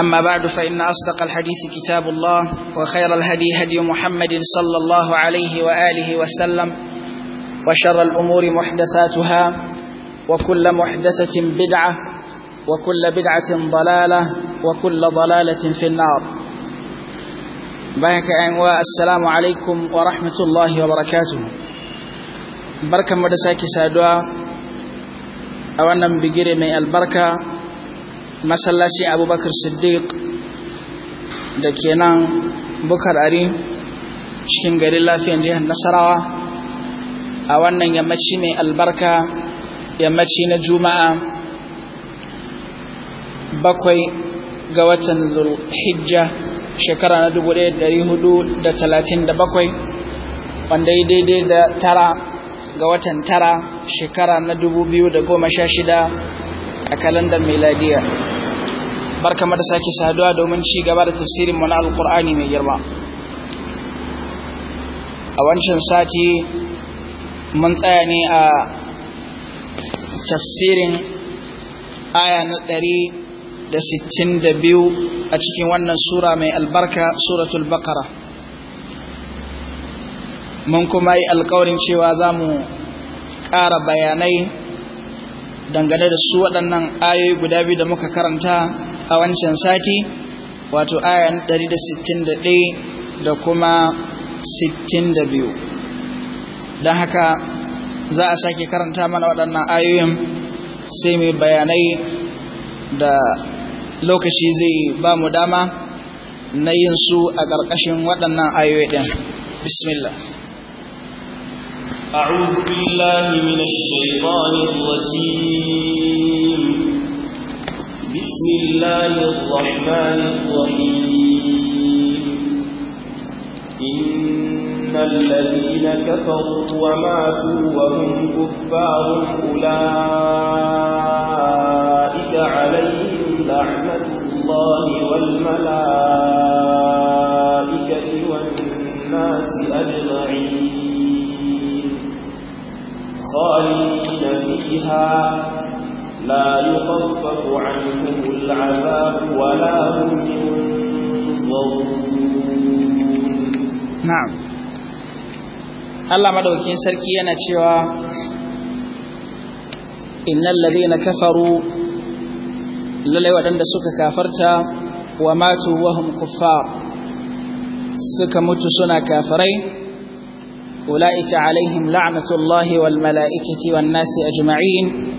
أما بعد فإن أصدق الحديث كتاب الله وخير الهدي هدي محمد صلى الله عليه وآله وسلم وشر الأمور محدثاتها وكل محدثة بدعة وكل بدعة ضلالة وكل ضلالة في النار بارك السلام عليكم ورحمة الله وبركاته بركة مدساكي سادوا أولا بقرمي من البركة masallacin abubakar siddiq da ke nan bukar ari cikin garin lafiyan jihar nasarawa a wannan yammaci mai albarka yammaci na juma'a bakwai ga watan zulhijja shekara na 1437 wanda ya daidai da tara ga watan tara shekara na 2016 a kalandar miladiyar barka da sake saduwa domin ci gaba da tafsirin mu na alkur'ani mai girma a wancan sati mun tsaya ne a tafsirin aya na ɗari da da biyu a cikin wannan sura mai albarka suratul bakara mun kuma yi alkawarin cewa za mu ƙara bayanai dangane da su waɗannan ayoyi guda biyu da muka karanta a wancan sati wato ayan 161 da kuma 62 don haka za a sake karanta mana waɗannan ayoyin sai mai bayanai da lokaci zai ba mu dama na yin su a ƙarƙashin waɗannan ayoyi ɗin bismillah أعوذ بالله من الشيطان الرجيم بسم الله الرحمن الرحيم إن الذين كفروا وماتوا وهم كفار أولئك عليهم لعنة الله والملائكة والناس أجمعين خالدين فيها لا يخفف عنهم العذاب ولا هم ينظرون نعم الله مدوكين sarki yana cewa innal ladina kafaru lalai waɗanda suka kafarta wa matu wa hum kuffar suka mutu suna kafirai ulaika alaihim la'natullahi wal mala'ikati wan nasi ajma'in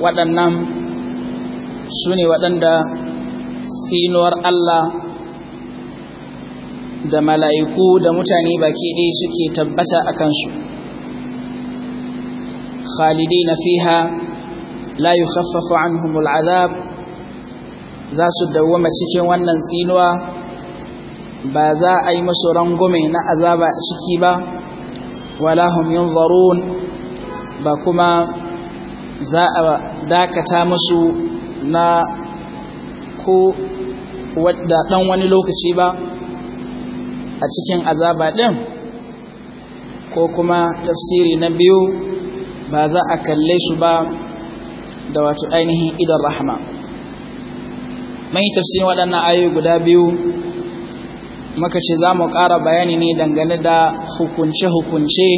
waɗannan su ne waɗanda sinuwar Allah da mala'iku da mutane baki ɗaya suke tabbata a kansu khalidai na fiha la khaffafa an humul azab za su dawwama cikin wannan tsinuwa ba za a yi masu rangume na azaba ciki ba wala hum yin ba kuma za a dakata musu na ko wadda dan wani lokaci ba a cikin azaba din ko kuma tafsiri na biyu ba za a kalle su ba da wato ainihin idan rahama mai tafsirin waɗannan ayoyi guda biyu muka ce za mu ƙara bayani ne dangane da hukunce-hukunce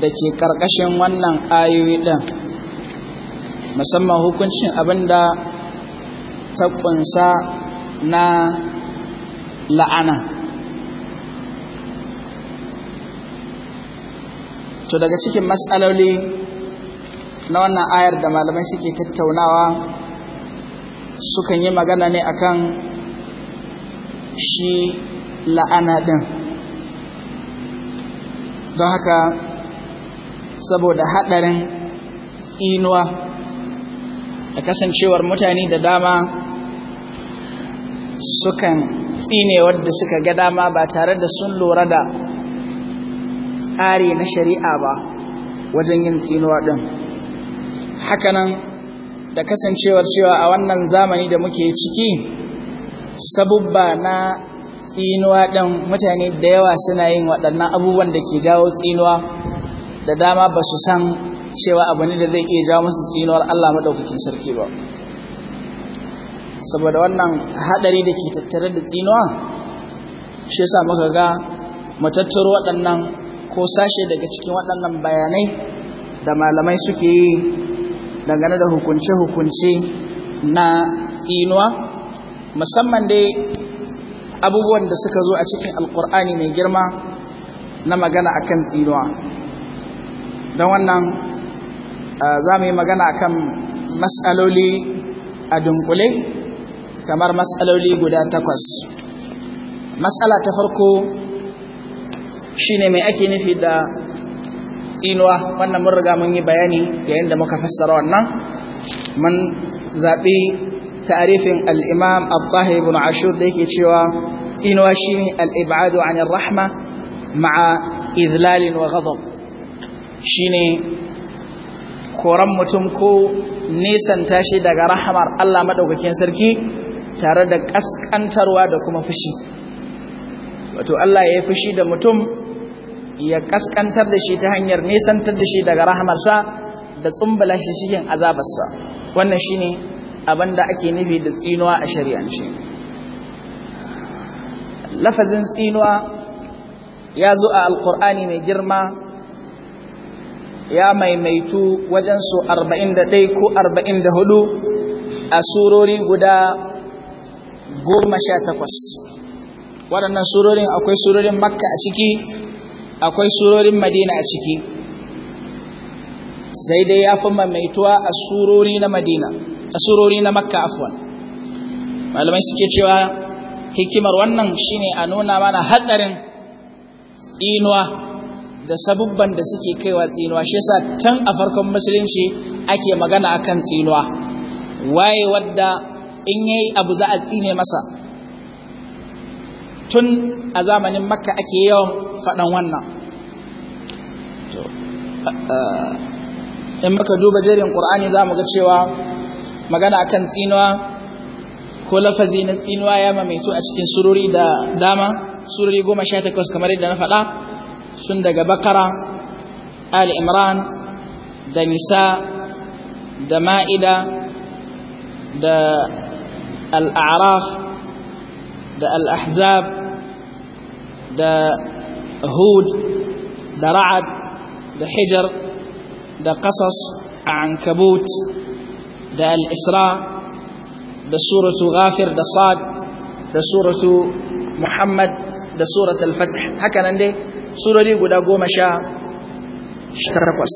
da ke ƙarƙashin wannan ayoyi ɗin musamman hukuncin abinda da ta ƙunsa na la'ana to daga cikin matsaloli na wannan ayar da malamai suke tattaunawa sukan yi magana ne akan shi la'ana ɗin don haka saboda haɗarin tsinuwa da kasancewar mutane da dama sukan tsine wadda suka ga dama ba tare da sun lura da tsari na shari'a ba wajen yin tsinuwa ɗin hakanan da kasancewar cewa a wannan zamani da muke ciki sabubba na tsinuwa ɗin mutane da yawa suna yin waɗannan abubuwan da ke jawo tsinuwa da dama ba su san cewa abu ne da zai iya jawo musu tsinuwar Allah maɗaukakin sarki ba saboda wannan haɗari da ke tattare da tsinuwa shi yasa muka ga matattaro waɗannan ko sashe daga cikin waɗannan bayanai da malamai suke yi dangane da hukunce-hukunce na tsinuwa musamman dai abubuwan da suka zo a cikin alkur'ani mai girma na magana akan tsinuwa don wannan eh, za mu yi magana kan matsaloli a dunkule kamar matsaloli guda takwas matsala ta farko shine mai ake nufi da tsinuwa wannan mun riga mun yi bayani yayin da muka fassara wannan mun zaɓi ta'arifin al'imam abdullahi ibn ashur da yake cewa tsinuwa shine al'ibadu anir rahma ma'a izlalin wa ghadab shine koran mutum ko nesanta shi daga rahamar Allah madaukakin sarki tare da kaskantarwa da kuma fushi wato Allah ya yi fushi da mutum ya kaskantar da shi ta hanyar nesantar da shi daga rahamarsa da tsumbala shi cikin azabarsa wannan shine abin da ake nufi da tsinuwa a shari'ance lafazin tsinuwa ya zo a alkur'ani mai girma ya maimaitu wajen su 41 ko 44 a surori guda 18 waɗannan surorin akwai surorin makka a ciki akwai surorin madina a ciki sai dai ya fi maimaituwa a surori na madina a surori na makka afwan malamai suke cewa hikimar wannan shine a nuna mana haɗarin inuwa da sabubban da suke kaiwa tsinuwa shi yasa tun a farkon musulunci ake magana akan tsinuwa waye wadda in yayi abu za a tsine masa tun a zamanin makka ake yawan faɗan wannan in maka duba jerin ƙur'ani za mu ga cewa magana akan tsinuwa ko lafazi na tsinuwa ya mamaitu a cikin sururi da dama sururi goma sha takwas kamar yadda na faɗa sun daga bakara al imran da nisa da ma'ida da al'araf da al'ahzab da hud da ra'ad da hijar da ƙasas a ankabut da al'isra da suratu ghafir da sad da suratu muhammad da suratu al-fatih haka nan dai surori guda goma sha takwas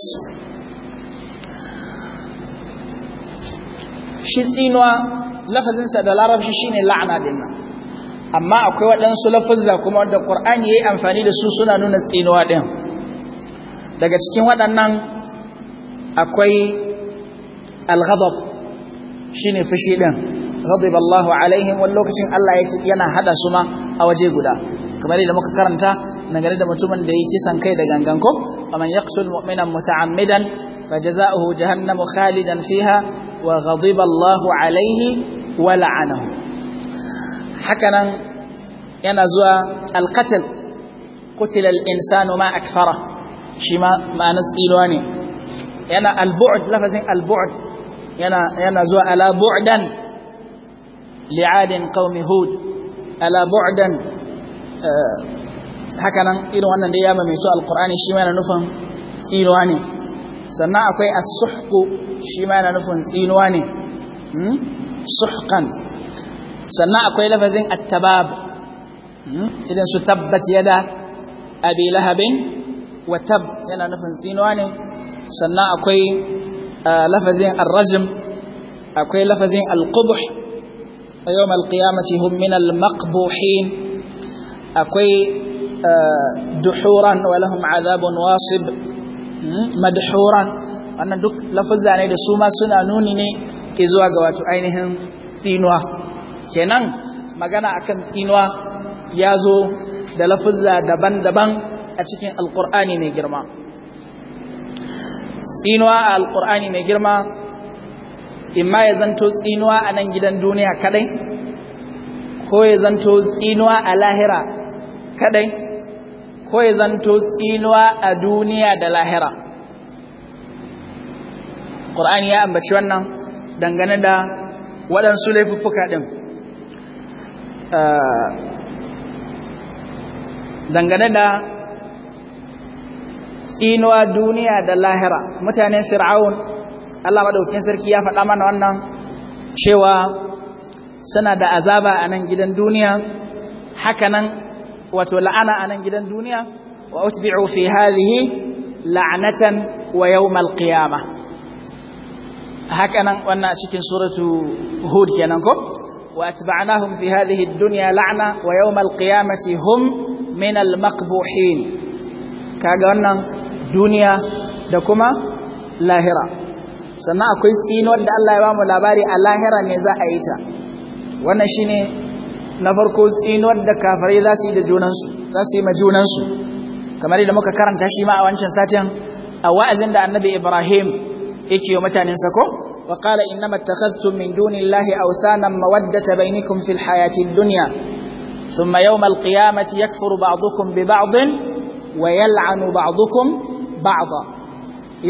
shi tsinuwa lafazinsa da larabci shine la'ana dinna. amma akwai waɗansu lafazza kuma wadda ƙur'ani ya yi amfani da su suna nuna tsinuwa ɗin daga cikin waɗannan akwai shi shine fushi ɗin ghadab Allahu alaihim wani lokacin Allah yana hada su ma a waje guda kamar yadda muka karanta dangane da mutumin da yi kisan kai da gangan ko faman yaqtul mu'minan muta'ammidan fajaza'uhu jahannamu khalidan fiha wa ghadiba Allahu alaihi wa la'anahu hakanan yana zuwa alqatl qutila al-insanu ma akthara shi ma ma'anar tsinuwa ne yana al-bu'd lafazin al-bu'd yana yana zuwa ala bu'dan li'adin qaumi hud ala bu'dan haka nan irin wannan da ya maimaito alkur'ani shi ma yana nufin tsinuwa ne sannan akwai as-suhqu shi ma yana nufin tsinuwa ne hmm? suhqan sannan akwai lafazin at-tabab hmm? idan su tabbat yada abi lahabin wa tab yana nufin tsinuwa ne sannan akwai lafazin ar akwai lafazin al a yawm alqiyamati qiyamati hum min al akwai duhuran walahum azabun wasib madhuran wannan duk lafazza ne da su ma suna nuni ne zuwa ga wato ainihin tsinuwa kenan magana akan tsinuwa ya zo da lafazza daban-daban a cikin alkur'ani mai girma tsinuwa a alkur'ani mai girma imma ya zanto tsinuwa a nan gidan duniya kadai ko ya zanto tsinuwa a lahira kadai ko ya zanto tsinuwa a duniya da lahira ƙur'ani ya ambaci wannan dangane da waɗansu laifuffuka ɗin eh, dangane da tsinuwa duniya da lahira mutanen fir'aun Allah maɗaukin sarki ya faɗa mana wannan cewa suna da azaba a nan gidan duniya haka nan. wato la'ana a nan gidan duniya wa utbi'u fi hadhihi la'natan wa yawmal qiyamah haka nan wannan cikin suratu hud kenan ko wa atba'nahum fi hadhihi ad-dunya la'na wa yawmal qiyamati hum min al-maqbuhin kaga wannan duniya da kuma lahira sannan akwai tsinuwar da Allah ya bamu labari a lahira ne za a yi ta wannan shine na farko tsinuwar da kafirai za su yi da junansu za su yi ma junansu kamar yadda muka karanta shi ma a wancan satin a wa'azin da annabi ibrahim yake wa mutanen sako wa qala innama takhadhtum min dunillahi awsanan mawaddata bainakum fil hayatid dunya thumma yawm al qiyamati yakfuru ba'dukum bi ba'd wa yal'anu ba'dukum ba'da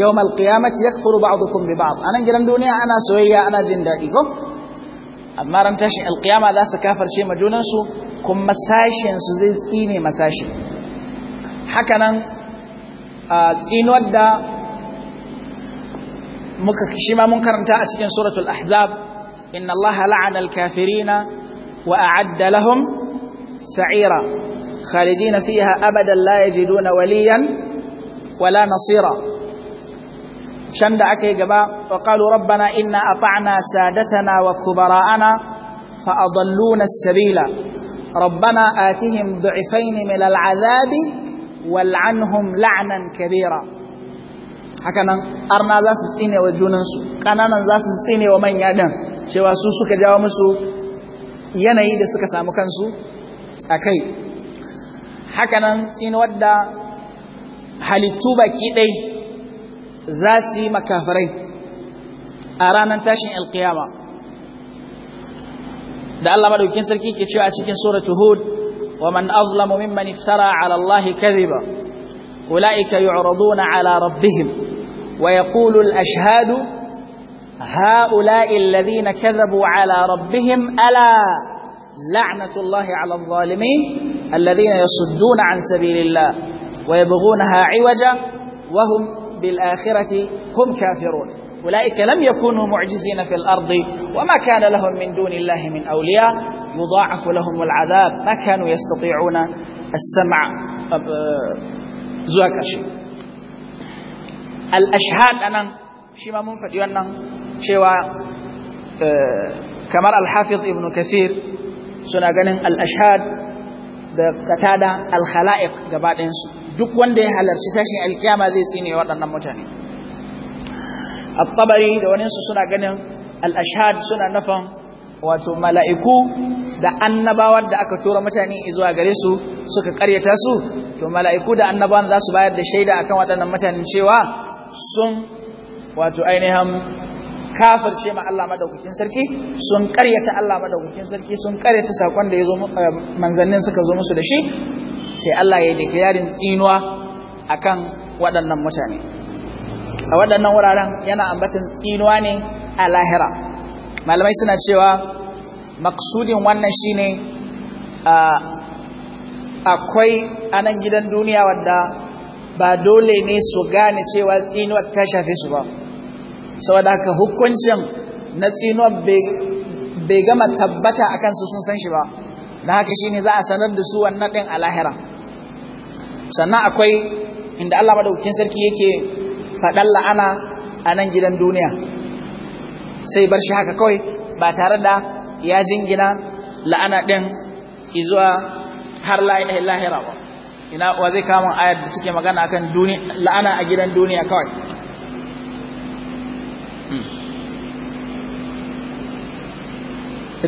yawm al qiyamati yakfuru ba'dukum bi ba'd anan gidan duniya ana soyayya ana jin dadi ko amma ran tashin alkiyama za su kafarce ma junansu kuma sashensu zai tsine masashi hakanan tsinuwar da muka shi ma mun karanta a cikin suratul ahzab inna allah la'ana alkafirina wa a'adda lahum sa'ira khalidina fiha abadan la yajiduna waliyan wala nasira can da aka yi gaba wa qalu rabbana inna ata'na sadatana wa kubara'ana fa adalluna as-sabila rabbana atihim du'ifayn min al-'adhabi wal'anhum la'nan kabira hakanan arna za su tsine wa junansu kananan za su tsine wa manya dan cewa su suka jawo musu yanayi da suka samu kansu a kai hakanan tsinuwar da halittu baki ɗai زاسي مكافرين أرانا تاشين القيامة دع الله ما لوكين سركي كتشوا أشكين سورة هود ومن أظلم ممن افترى على الله كذبا أولئك يعرضون على ربهم ويقول الأشهاد هؤلاء الذين كذبوا على ربهم ألا لعنة الله على الظالمين الذين يصدون عن سبيل الله ويبغونها عوجا وهم بالآخرة هم كافرون أولئك لم يكونوا معجزين في الأرض وما كان لهم من دون الله من أولياء يضاعف لهم العذاب ما كانوا يستطيعون السمع زواكر شيء الأشهاد أنا شما منفد يوانا شوى كمر الحافظ ابن كثير suna ganin الأشهاد الخلائق katada al duk wanda ya halarci tashin alkiyama zai tsine waɗannan mutane at da wani su suna ganin al suna nafan wato mala'iku da annabawar da aka tura mutane zuwa gare su suka karyata su to mala'iku da annabawan za su bayar da shaida akan waɗannan mutanen cewa sun wato ainihin ce ma Allah madaukakin sarki sun karyata Allah madaukakin sarki sun karyata sakon da yazo eh, manzannin suka zo musu da shi sai Allah ya yi yarin tsinuwa akan waɗannan mutane a waɗannan wuraren yana ambatan tsinuwa ne a lahira malamai suna cewa maksudin wannan shine akwai anan gidan duniya wadda ba dole ne su gane cewa tsinuwa ta shafe su ba saboda haka hukuncin na tsinuwar bai gama tabbata a su sun san shi ba na haka shine za a sanar da su wannan ɗin a lahira sannan akwai inda Allah madaukakin sarki yake faɗan la'ana a nan gidan duniya sai bar shi haka kawai ba tare da ya jingina la'ana ɗin izuwa har lahira ba ina wa zai kama ayar da take magana akan la'ana a gidan duniya kawai hmm.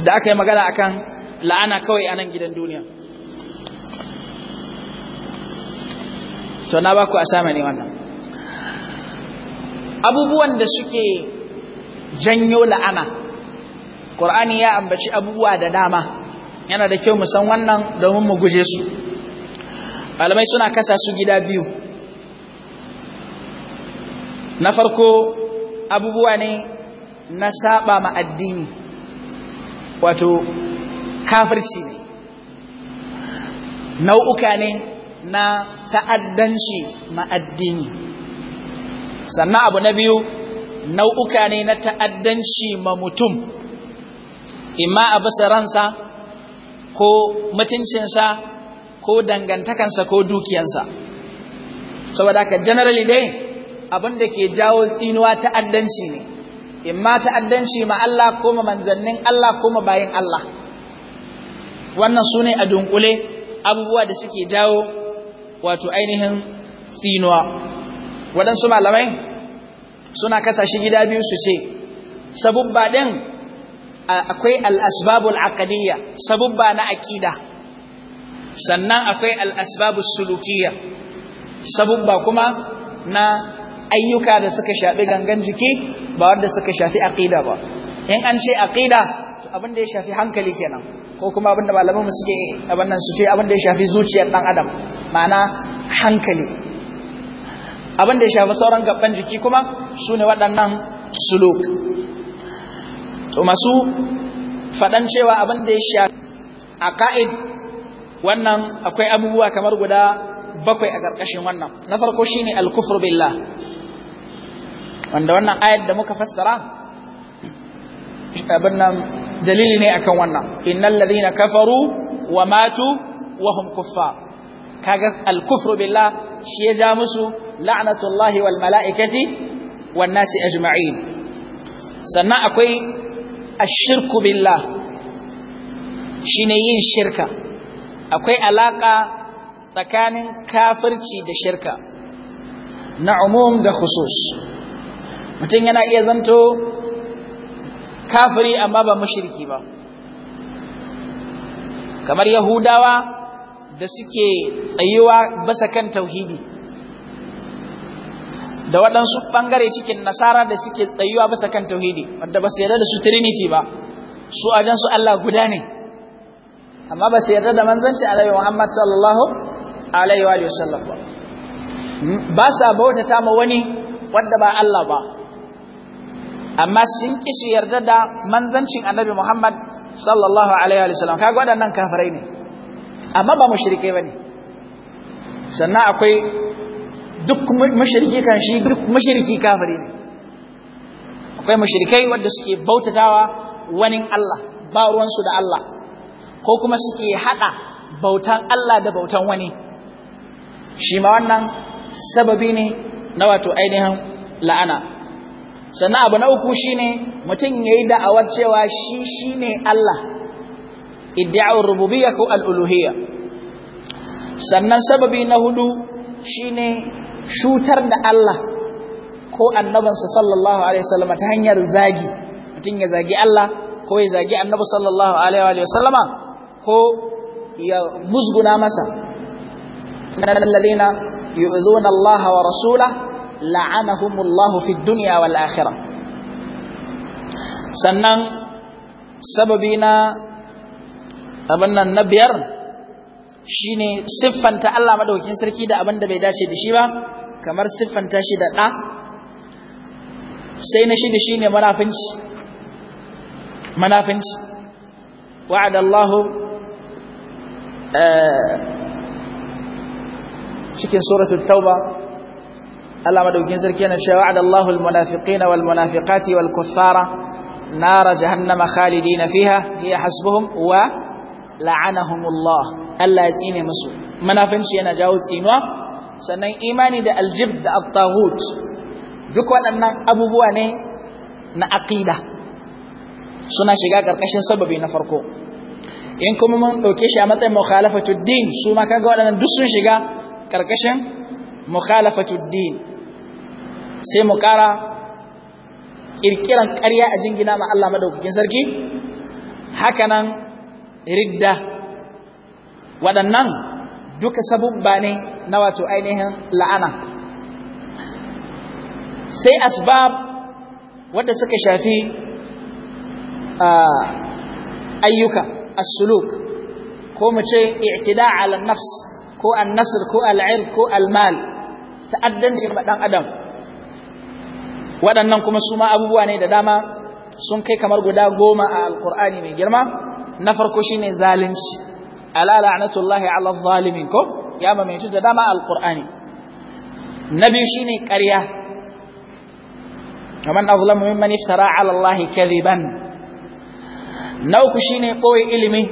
da aka yi magana akan la'ana kawai a nan gidan duniya to na baku a ne wannan abubuwan da suke janyo la'ana Qur'ani ya ambaci abubuwa da dama yana da kyau mu san wannan domin mu guje su malamai suna kasa su gida biyu na farko abubuwa ne na saba ma addini wato kafirci ne nau'uka ne na ta'addanci ma'addini sannan abu na biyu nau'uka ne na ta'addanci ma mutum imma a bisa ransa ko mutuncinsa ko dangantakansa ko dukiyansa saboda ka generally dai abin da ke jawo tsinuwa ta'addanci ne imma ta'addanci ma Allah ko ma manzannin Allah ko ma bayin Allah wannan su ne a dunkule abubuwa da suke jawo wato ainihin tsinuwa waɗansu malamai suna kasashe gida biyu su ce sabubba ɗin akwai al'asbabul akadiyya sabubba na aƙida sannan akwai al'asbabul sulukiyya sabubba kuma na ayyuka da suka shafi gangan jiki ba wanda suka shafi aƙida ba in an ce aƙida abin da ya shafi hankali kenan ko kuma abin da malamanmu suke abin nan su ce abin da ya shafi zuciyar ɗan adam ma'ana hankali abin da ya shafi sauran gaban jiki kuma su ne waɗannan suluk to masu faɗan cewa abin da ya shafi a ka'id wannan akwai abubuwa kamar guda bakwai a ƙarƙashin wannan na farko shine al alkufur billah wanda wannan ayat da muka fassara abin nan dalili ne akan wannan innal ladhina kafaru wa matu wa hum kuffar kaga al-kufru billah shi ya ja musu la'natullahi wal mala'ikati wan nasi ajma'in sannan akwai ash-shirku billah shine yin shirka akwai alaka tsakanin kafirci da shirka na umum da khusus mutum yana iya zanto kafiri amma ba mushriki ba kamar yahudawa da suke tsayuwa basa kan tauhidi da waɗansu ɓangare cikin nasara da suke tsayuwa basa kan tauhidi wadda ba su yarda da su trinity ba su su Allah guda ne amma ba su yarda da manzanci alaihi Muhammad sallallahu alaihi wa sallam ba hmm, ba sa bauta ma wani wanda ba Allah ba amma sun ki su yarda da manzancin annabi Muhammad sallallahu alaihi wa sallam kaga waɗannan kafirai ne amma ba ba bane sannan akwai duk mushriki kan shi duk mushriki kafiri ne akwai mushrikai wanda suke bautatawa wani Allah ba ruwansu da Allah ko kuma suke haɗa bautan Allah da bautan wani shi ma wannan sababi ne na wato ainihin la'ana sannan abu na uku shine mutum ya yi da'awar cewa shi shi ne Allah idda'ar rububiyya ko al'uluhiyya sannan sababi na hudu shine shutar da Allah ko annabansa sallallahu alaihi wasallam ta hanyar zagi mutum ya zagi Allah ko ya zagi annabi sallallahu alaihi wasallama ko ya musguna masa alladhina yu'dhuna Allah wa la'ana la'anahumullahu fi dunya wal akhirah sannan sababi na abin nan na biyar shi ne siffanta Allah madaukakin sarki da abin da bai dace da shi ba kamar siffanta shi da ɗa sai na shi shida shine manafinci manafinci wa'ada Allahu eh, cikin suratul tauba Allah madaukakin sarki yana cewa wa'ada Allahu al-munafiqina wal-munafiqati wal-kuffara nara jahannama khalidina fiha hiya hasbuhum wa la'anahumullah Allah ya tsine musu munafinci yana jawo tsinuwa sannan imani da aljib da at duk waɗannan abubuwa ne na aqida suna shiga ƙarƙashin sababi na farko in kuma mun ɗauke shi a matsayin mukhalafatud din su ma kaga waɗannan duk sun shiga karkashin mukhalafatud din sai mu ƙara ƙirƙiran ƙarya a jingina ma Allah madaukakin sarki hakanan ridda waɗannan duka sabubba ne na wato ainihin la'ana sai asbab wadda suka shafi ayyuka asuluk suluk ko mu ce i'tida ala nafs ko an-nasr ko al ko al-mal ta'addanci ɗan adam waɗannan kuma su ma abubuwa ne da dama sun kai kamar guda goma a alkur'ani mai girma na farko shine zalunci ala la'natullahi ala zalimin ko ya mamaitu da dama alqur'ani na biyu shine ƙarya kaman azlamu mimman iftara ala allahi kadiban. na uku shine boye ilimi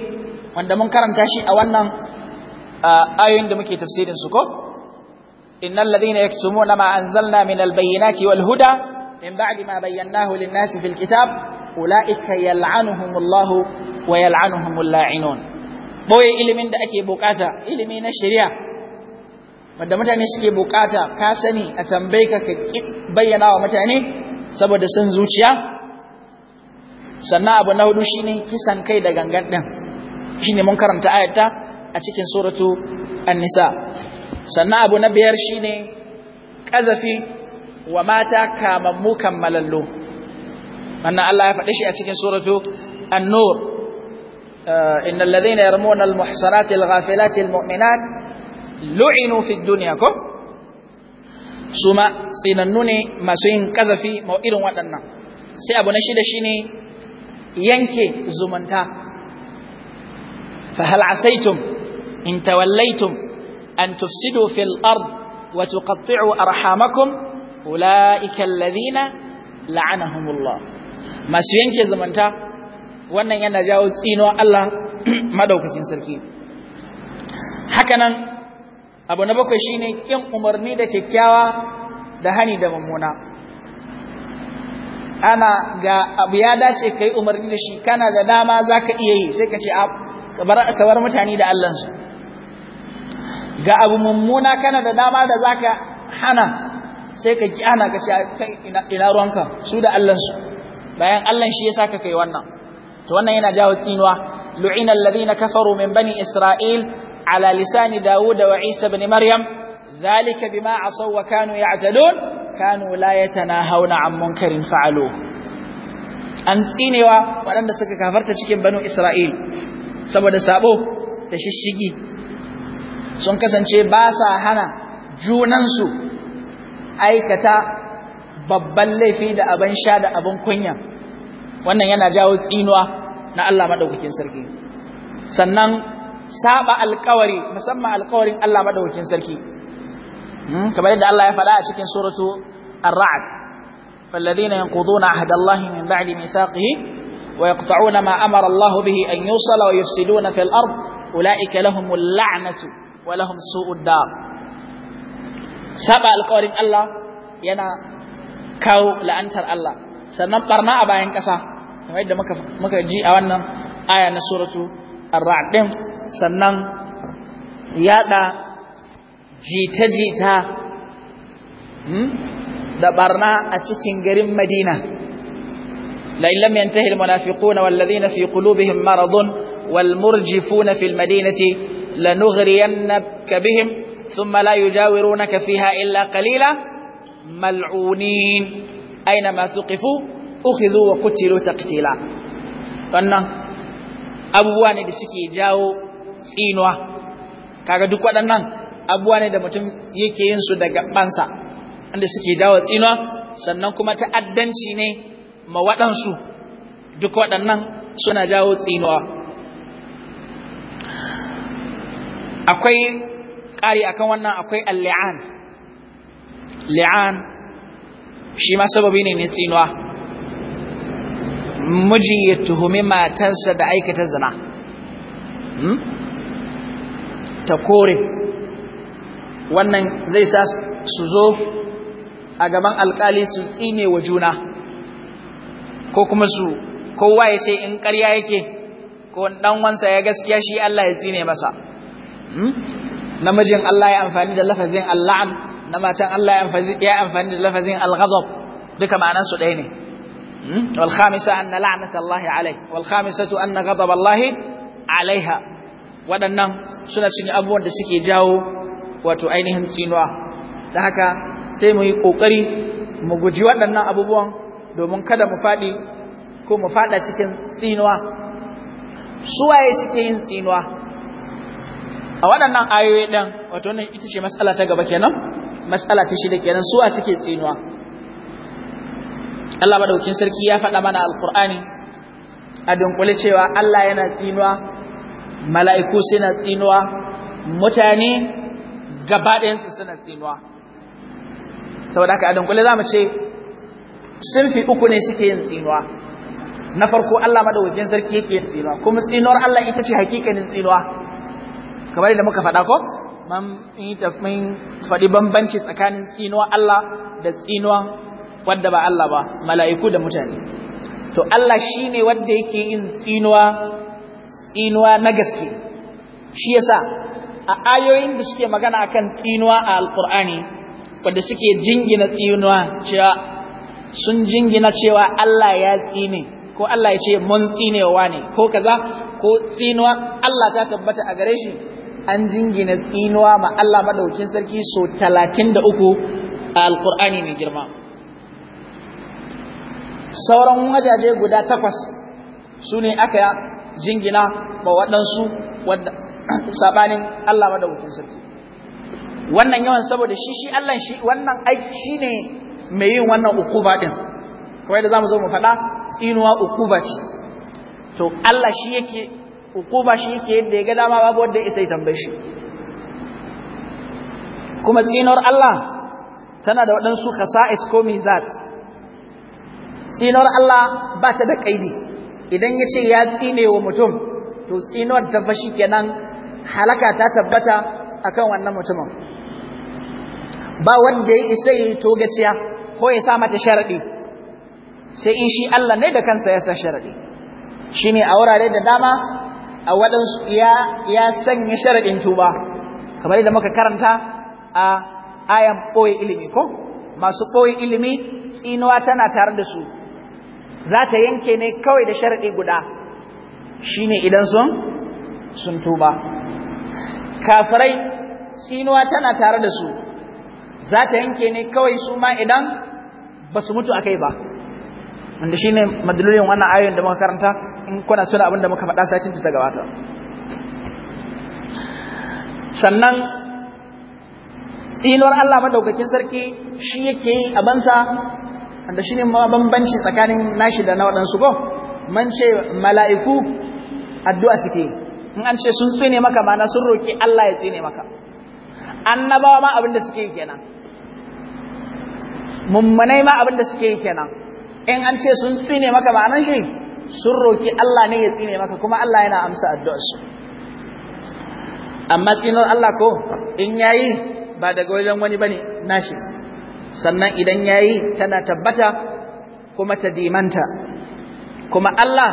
wanda mun karanta shi a wannan ayoyin da muke tafsirin su ko innal ladina yaktumuna ma anzalna min albayyinati wal huda min ba'di ma bayyanahu lin-nasi fil kitab ulaika yal'anuhumullahu wa yal'anuhumul la'inun boye ilimin da ake bukata ilimi na shari'a wanda mutane suke bukata ka sani a tambaye ka ka bayyana wa mutane saboda sun zuciya sannan abu na hudu shine kisan kai da gangan din shine mun karanta ayata a cikin suratu an-nisa sannan abu na biyar shine kazafi wa mata kamammu kammalallo wannan Allah ya faɗi shi a cikin suratu an-nur آه، إن الذين يرمون المحصنات الغافلات المؤمنات لعنوا في الدنيا كم سما سيننوني ما سين كزفي ما إلون ودنا سي أبو نشيد شيني ينكي زمنتا فهل عسيتم إن توليتم أن تفسدوا في الأرض وتقطعوا أرحامكم أولئك الذين لعنهم الله ما سينكي زمنتا wannan yana jawo tsinuwa Allah madaukakin sarki hakanan abu na bakwai shine kin umarni da kyakkyawa da hani da mummuna ana ga abu ya dace kai umarni da shi kana da dama zaka iya yi sai ka ce ah, ka bar mutane da su ga abu mummuna kana da dama da zaka hana sai ka ki ka ce ina ruwanka su da su bayan Allah shi ya saka kai wannan to wannan yana jawo tsinuwa lu'ina alladhina kafaru min bani isra'il ala lisani daud wa isa ibn maryam dhalika bima asaw wa kanu ya'tadun kanu la yatanahawna an munkarin fa'alu an tsinewa waɗanda suka kafarta cikin banu isra'il saboda sabo da shishigi sun kasance ba sa hana junansu aikata babban laifi da abin sha da abin kunya wannan yana jawo tsinuwa na Allah madaukakin sarki sannan saba alkawari musamman alkawarin Allah madaukakin sarki hmm, kamar yadda Allah ya faɗa a cikin suratu ar-ra'd فالذين ينقضون عهد الله من بعد ميثاقه ويقطعون ما أمر الله به أن يوصل ويفسدون في الأرض أولئك لهم اللعنة ولهم سوء الدار سبع القوارين الله ينا كاو الله sannan barna a bayan ƙasa kuma da muka ji a wannan aya na suratu arraɗin sannan yada jita-jita hmm, da barna a cikin garin madina la'ilam yantahi almunafiquna wallazina fi qulubihim maradun walmurjifuna fil madinati lanughriyannaka bihim thumma la yujawirunaka fiha illa kalila. mal'unin aina masu kifu. ukhidhu wa qutilu taqtila wannan abubuwa ne da suke jawo tsinuwa kaga duk waɗannan abubuwa ne da mutum yake yin su daga bansa inda suke jawo tsinuwa sannan kuma ta'addanci ne ma waɗansu duk waɗannan suna jawo tsinuwa akwai ƙari akan wannan akwai al-li'an li'an shi ma sababi ne na tsinuwa miji ya tuhumi matarsa da aikata zina hmm? ta kore wannan zai sa su zo a gaban alkali su tsine wa juna ko kuma su kowa ya ce in karya yake ko ɗan wansa ya gaskiya shi Allah ya tsine masa hmm? namijin Allah ya amfani da lafazin Allah na matan Allah ya amfani da lafazin al duka ma'anansu ɗaya ne والخامسة أن لعنة الله عليه والخامسة أن غضب الله عليها waɗannan suna cikin abubuwan da suke jawo wato ainihin tsinuwa da haka sai muyi yi ƙoƙari mu guji waɗannan abubuwan domin kada mu faɗi ko mu faɗa cikin tsinuwa suwaye suke yin tsinuwa a waɗannan ayoyi ɗin wato ita ce matsala ta gaba kenan matsala ta shida kenan suwa suke tsinuwa Allah madaukin sarki ya faɗa mana alkur'ani a dunkule cewa Allah yana tsinuwa mala'iku suna tsinuwa mutane gabaɗayansu suna tsinuwa saboda haka a dunkule za mu ce sun fi uku ne suke yin tsinuwa na farko Allah madaukin sarki yake yin tsinuwa kuma tsinuwar Allah ita ce hakikanin tsinuwa kamar da muka faɗa ko man faɗi bambanci tsakanin tsinuwa Allah da tsinuwa wadda ba Allah ba mala'iku da mutane to Allah shine wanda yake yin tsinuwa na gaske shi yasa a ayoyin da suke magana akan tsinuwa a alqur'ani wanda suke jingina tsinuwa cewa sun jingina cewa Allah ya tsine ko Allah ya ce mun tsinewa ne ko kaza ko tsinuwa Allah ta tabbata a gare shi an jingina tsinuwa ma Allah madaukin sarki so 33 a alqur'ani mai girma sauran wajaje guda takwas su ne aka jingina ba waɗansu saɓanin Allah madawucin sarki wannan yawan saboda shi shi Allah shi wannan aiki shi ne mai yin wannan ukuba ɗin kawai da za mu zo mu faɗa tsinuwa ukuba ce to Allah shi yake ukuba shi yake yadda ya ga dama babu wanda ya isa ya tambaye shi kuma tsinuwar Allah tana da waɗansu khasa'is ko mizat tsinuwar Allah ba ta da ƙa'idi idan ya ce ya tsine wa mutum to tsinuwar ta fashi kenan halaka ta tabbata a kan wannan mutumin ba wanda ya isa ya to gaciya ko ya sa mata sharaɗi sai in shi Allah ne da kansa ya sa shi shine a wurare da dama a waɗansu ya ya sanya sharaɗin tuba kamar da muka karanta a ayan ɓoye ilimi ko masu ɓoye ilimi tsinuwa tana tare da su za ta yanke ne kawai da sharaɗi guda shi ne idan sun sun tuba kafirai tsinuwa tana tare da su za ta yanke ne kawai su ma idan ba su mutu a kai ba wanda shi ne madalolin wannan ayoyin da muka karanta in kuna tuna abinda muka faɗa satin ta gabata sannan tsinuwar Allah madaukakin sarki shi yake yi a bansa da shine ma bambanci tsakanin nashi da na waɗansu ko man ce mala'iku addu'a suke in an ce sun tsine maka mana sun roƙi Allah ya tsine maka annabawa ma abin da suke yi kenan mummunai ma abin da suke yi kenan in an ce sun tsine maka ma'anan shi sun roƙi Allah ne ya tsine maka kuma Allah yana amsa addu'a su amma tsinar Allah ko in yayi ba daga wajen wani bane nashi sannan idan yayi tana tabbata kuma ta dimanta kuma Allah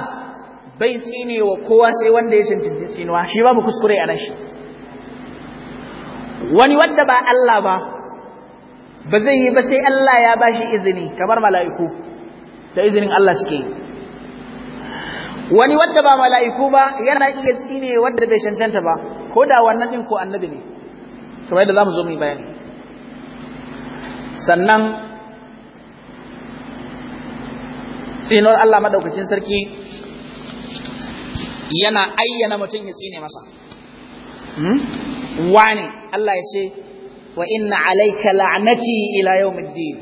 bai tsine wa kowa sai wanda ya cancanci tsinuwa shi babu kuskure a nashi wani wanda ba Allah ba ba zai yi ba sai Allah ya ba shi izini kamar mala'iku da izinin Allah suke wani wanda ba mala'iku ba yana iya tsine wanda bai cancanta ba ko da wannan din ko annabi ne kamar yadda zamu zo mu bayani sannan tsinon Allah maɗaukakin sarki yana ayyana mutum ya tsine masa hmm? wani Allah ya ce wa inna alaika la'nati ila yawmiddin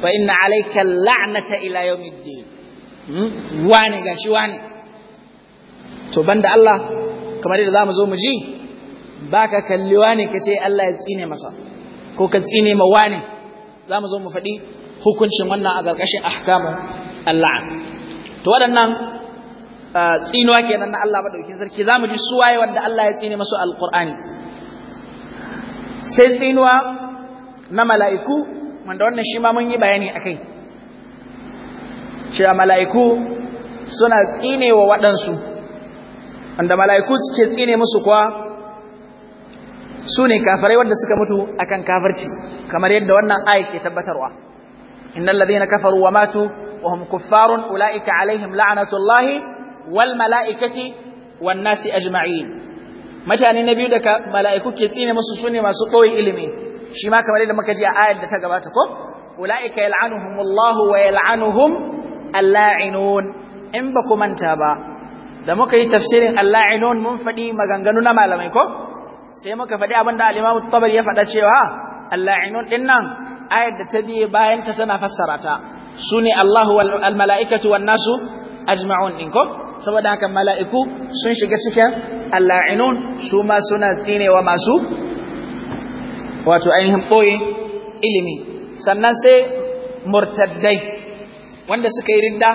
wa inna alaika la'nata ila yawmiddin hmm? wani gashi wani to banda Allah kamar yadda zamu zo mu ji baka kalli wani kace Allah ya tsine masa ko ka tsine ma wani za mu zo mu faɗi hukuncin wannan a ƙarƙashin ahkamun Allah to waɗannan tsinuwa kenan na Allah madaukakin sarki za mu ji su waye wanda Allah ya tsine masu alƙur'ani sai tsinuwa na mala'iku wanda wannan shi ma mun yi bayani akai cewa mala'iku suna tsinewa waɗansu wanda mala'iku suke tsine musu kuwa su ne kafirai wanda suka mutu akan kafirci kamar yadda wannan aya ke tabbatarwa innal ladhina kafaru wa matu wa hum kuffarun ulaika alaihim la'natullahi wal malaikati wan nasi ajma'in mutane na biyu da mala'iku ke tsine musu sune masu koyi ilimi shi ma kamar yadda muka ji a ayar da ta gabata ko ulaika yal'anuhumullahu wa yal'anuhum al in ba ku manta ba da muka yi tafsirin al mun faɗi maganganu na malamai ko sai muka faɗi abin da al ya faɗa cewa al-la'inun dinnan ayar da ta biye bayan ta tana fassara ta sune Allahu wal mala'ikatu wan nasu ajma'un in ko saboda haka mala'iku sun shiga cikin Alla'inun. su ma suna tsinewa masu wato ainihin boye ilimi sannan sai murtaddai wanda suka yi ridda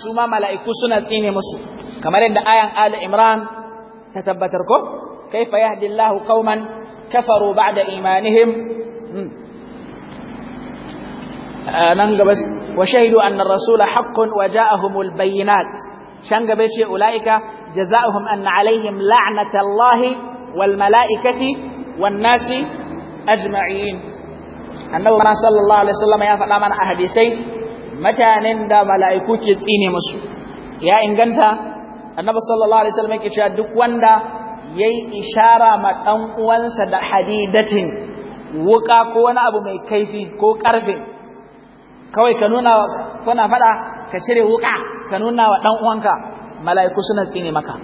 su ma mala'iku suna tsine musu kamar yadda ayan Ali Imran ta tabbatar ko kaifa yahdillahu qauman kafaru ba'da imanihim nan gaba wa shahidu anna rasula haqqun wa ja'ahumul bayyinat shan gaba ce ulaika jazaohum anna alaihim la'natullahi wal nasi ajma'in annabi sallallahu alaihi wasallam ya faɗa mana a hadisai mutanen da mala'iku ke tsine musu ya inganta annabi sallallahu alaihi wasallam yake cewa duk wanda yayi ishara ma dan uwansa da hadidatin wuka ko wani abu mai kaifi ko karfe kawai ka nuna kuna fada ka cire wuka ka nuna wa dan uwanka mala'iku suna tsine maka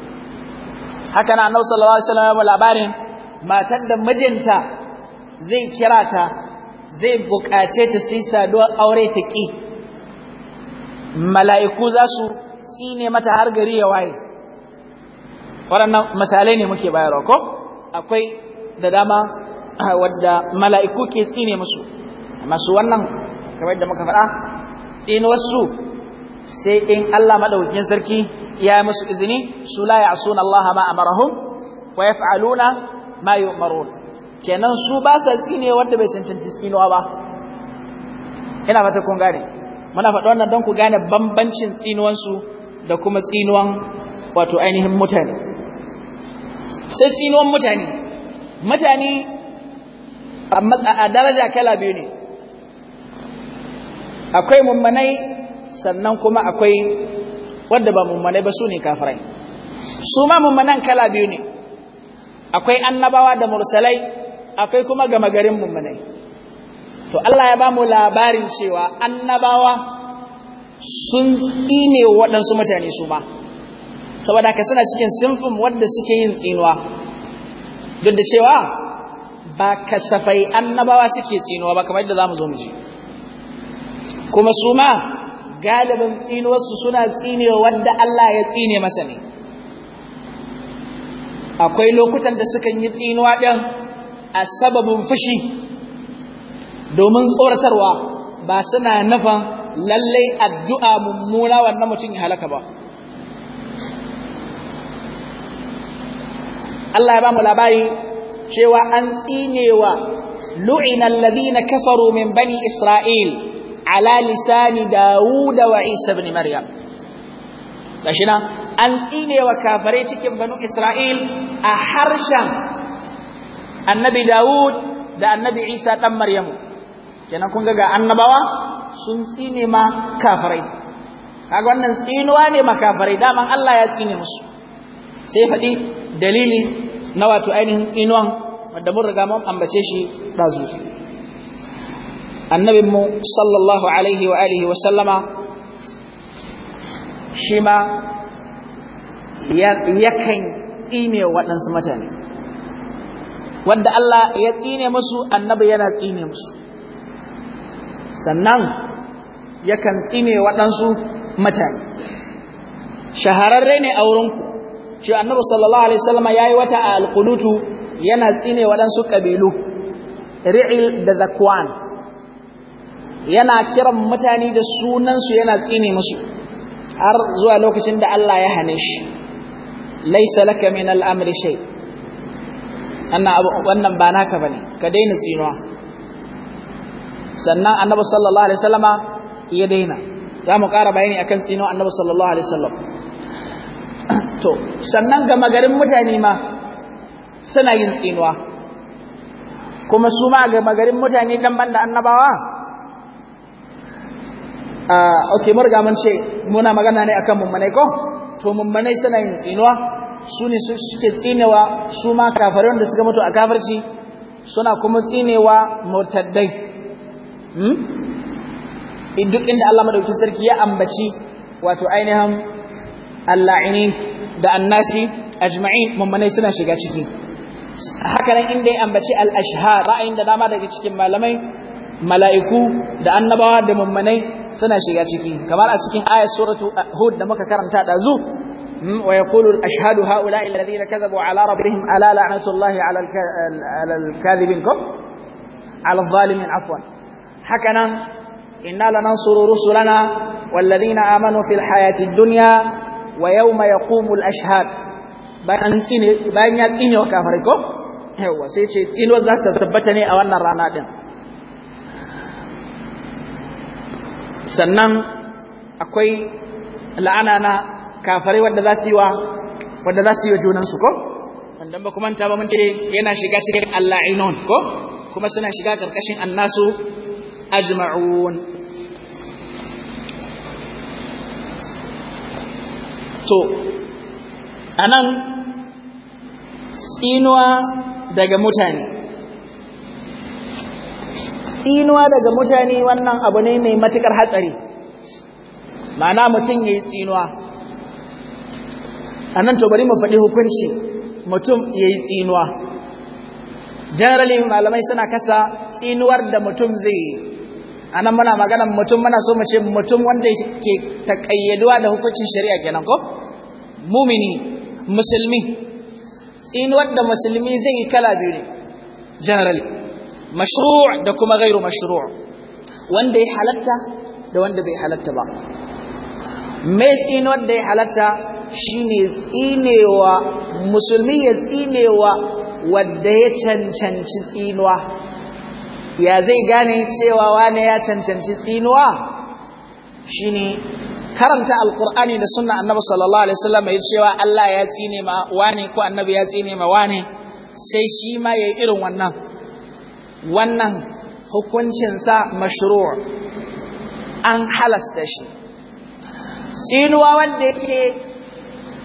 haka na annabi sallallahu alaihi wasallam labarin matar da mijinta zai kira ta zai bukace ta sai saduwar aure ta ƙi, mala'iku za su tsine mata har gari ya waye waɗannan misalai ne muke bayarwa ko akwai da dama ah, wadda mala'iku ke tsine musu masu wannan kamar yadda muka faɗa tsinuwarsu sai in Allah maɗaukin sarki ya yi musu izini su la ya asuna Allah ma amarahum wa yaf'aluna ma yu'marun kenan su ba sa tsine wanda bai cancanci tsinuwa ba ina fata kun gane muna faɗa wannan don ku gane bambancin tsinuwansu da kuma tsinuwan wato ainihin mutane sai tsinuwan mutane mutane a daraja kala biyu ne akwai mummanai sannan kuma akwai wadda ba mummanai ba su ne kafirai su ma mummanan kala biyu ne akwai annabawa da mursalai akwai kuma gama garin mummanai to Allah ya ba mu labarin cewa annabawa sun tsine waɗansu mutane su ma saboda ka suna cikin sinfin wadda suke yin tsinuwa duk da cewa ba kasafai annabawa suke tsinuwa ba kamar yadda za mu zo mu ji kuma su ma galibin tsinuwarsu suna tsinewa wadda Allah ya tsine masa ne akwai lokutan da sukan yi tsinuwa ɗin a sababin fushi domin tsoratarwa ba suna nafa lallai addu'a mummuna wannan mutum ya halaka ba Allah ya ba mu labari cewa an tsinewa lu'ina alladhina kafaru min bani isra'il ala lisani dawuda wa isa ibn maryam gashi nan an tsinewa kafare cikin banu isra'il a harshen annabi dawud da annabi isa dan maryamu kenan kun ga annabawa sun tsine ma kafare. kaga wannan tsinuwa ne ma kafare daman Allah ya tsine musu sai faɗi dalili na wato ainihin tsinuwan wanda mun riga mun ambace shi dazu annabin mu sallallahu alaihi wa alihi wa sallama shi ma yakan tsine waɗansu mutane wanda Allah ya tsine musu annabi yana tsine musu sannan yakan tsine waɗansu mutane shahararre ne a wurinku shi annabi sallallahu alaihi wasallam yayi wata alqunutu yana tsine waɗansu kabilu ri'il da zakwan yana kiran mutane da sunansu yana tsine musu har zuwa lokacin da Allah ya hane shi laisa laka min al'amri shay wannan ba naka bane ka daina tsinuwa sannan annabi sallallahu alaihi wasallama ya daina za mu ƙara bayani akan tsinuwa annabi sallallahu alaihi wasallam to sannan gama garin mutane ma suna yin tsinuwa kuma su ma gama garin mutane dan banda annabawa ah okay murga mun ce muna magana ne akan mummane ko to mummane suna yin tsinuwa su ne suke tsinewa su ma kafirai wanda suka mutu a kafirci suna kuma tsinewa murtaddai hmm? duk inda Allah madauki sarki ya ambaci wato ainihin alla'inin da annasi ajma'in mummunai suna shiga ciki haka nan inda ya ambaci al-ashhar ra'ayin da dama daga cikin malamai mala'iku da annabawa da mummunai suna shiga ciki kamar a cikin ayat suratu hud da muka karanta da zu hmm, wa yaqulu al-ashhadu ha'ula'i alladhina kadhabu ala rabbihim ala la'natullahi ala al-kadhibin kum ala adh-dhalimin afwan haka nan inna lanansuru rusulana والذين آمنوا في الحياة الدنيا wa yawma al ashhad bayan tsine bayan ya tsine wa kafirai ko yawa sai ce tsinuwar za ta tabbata ne a wannan rana din sannan akwai la'ana na kafare wanda za su yi wa wanda za su yi junan junansu ko wanda ba kuma ta ba mun ce yana shiga cikin alla'inon ko kuma suna shiga karkashin annasu ajma'un to anan tsinuwa daga mutane tsinuwa daga mutane wannan abu ne mai matukar hatsari ma'ana mutum ya yi tsinuwa anan to bari mu faɗi hukunci mutum ya yi tsinuwa generally malamai suna kasa tsinuwar da mutum zai anan muna magana mutum muna so mu ce mutum wanda ke takayyaduwa da hukuncin shari'a kenan ko mumini musulmi tsinuwar da musulmi zai yi kala biyu ne generally mashru' da kuma gairu mashru' wanda ya halatta da wanda bai halatta ba mai tsinuwar da ya halatta shine tsinewa musulmi ya tsinewa wadda ya cancanci tsinuwa ya zai gane cewa wane ya cancanci tsinuwa ne karanta alkur'ani da suna annabi sallallahu alaihi wasallam ya cewa Allah ya tsine ma wane ko annabi ya tsine ma wane sai shi ma ya yi irin wannan wannan hukuncinsa mashru' an halasta shi tsinuwa wanda yake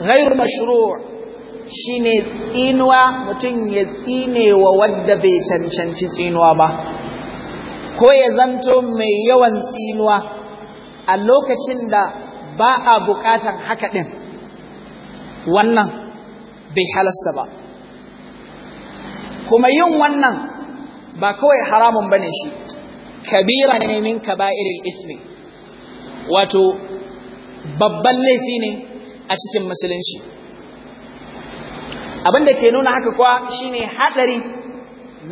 غير مشروع Shi ne tsinuwa mutum ya tsine wa wadda bai cancanci tsinuwa ba ko ya zanto mai yawan tsinuwa a lokacin da ba a bukatan haka ɗin wannan bai halasta ba kuma yin wannan ba kawai haramun ba ne shi kabira ne min kaba'iril ismi wato babban laifi ne a cikin musulunci abin da ke nuna haka kuwa shine hadari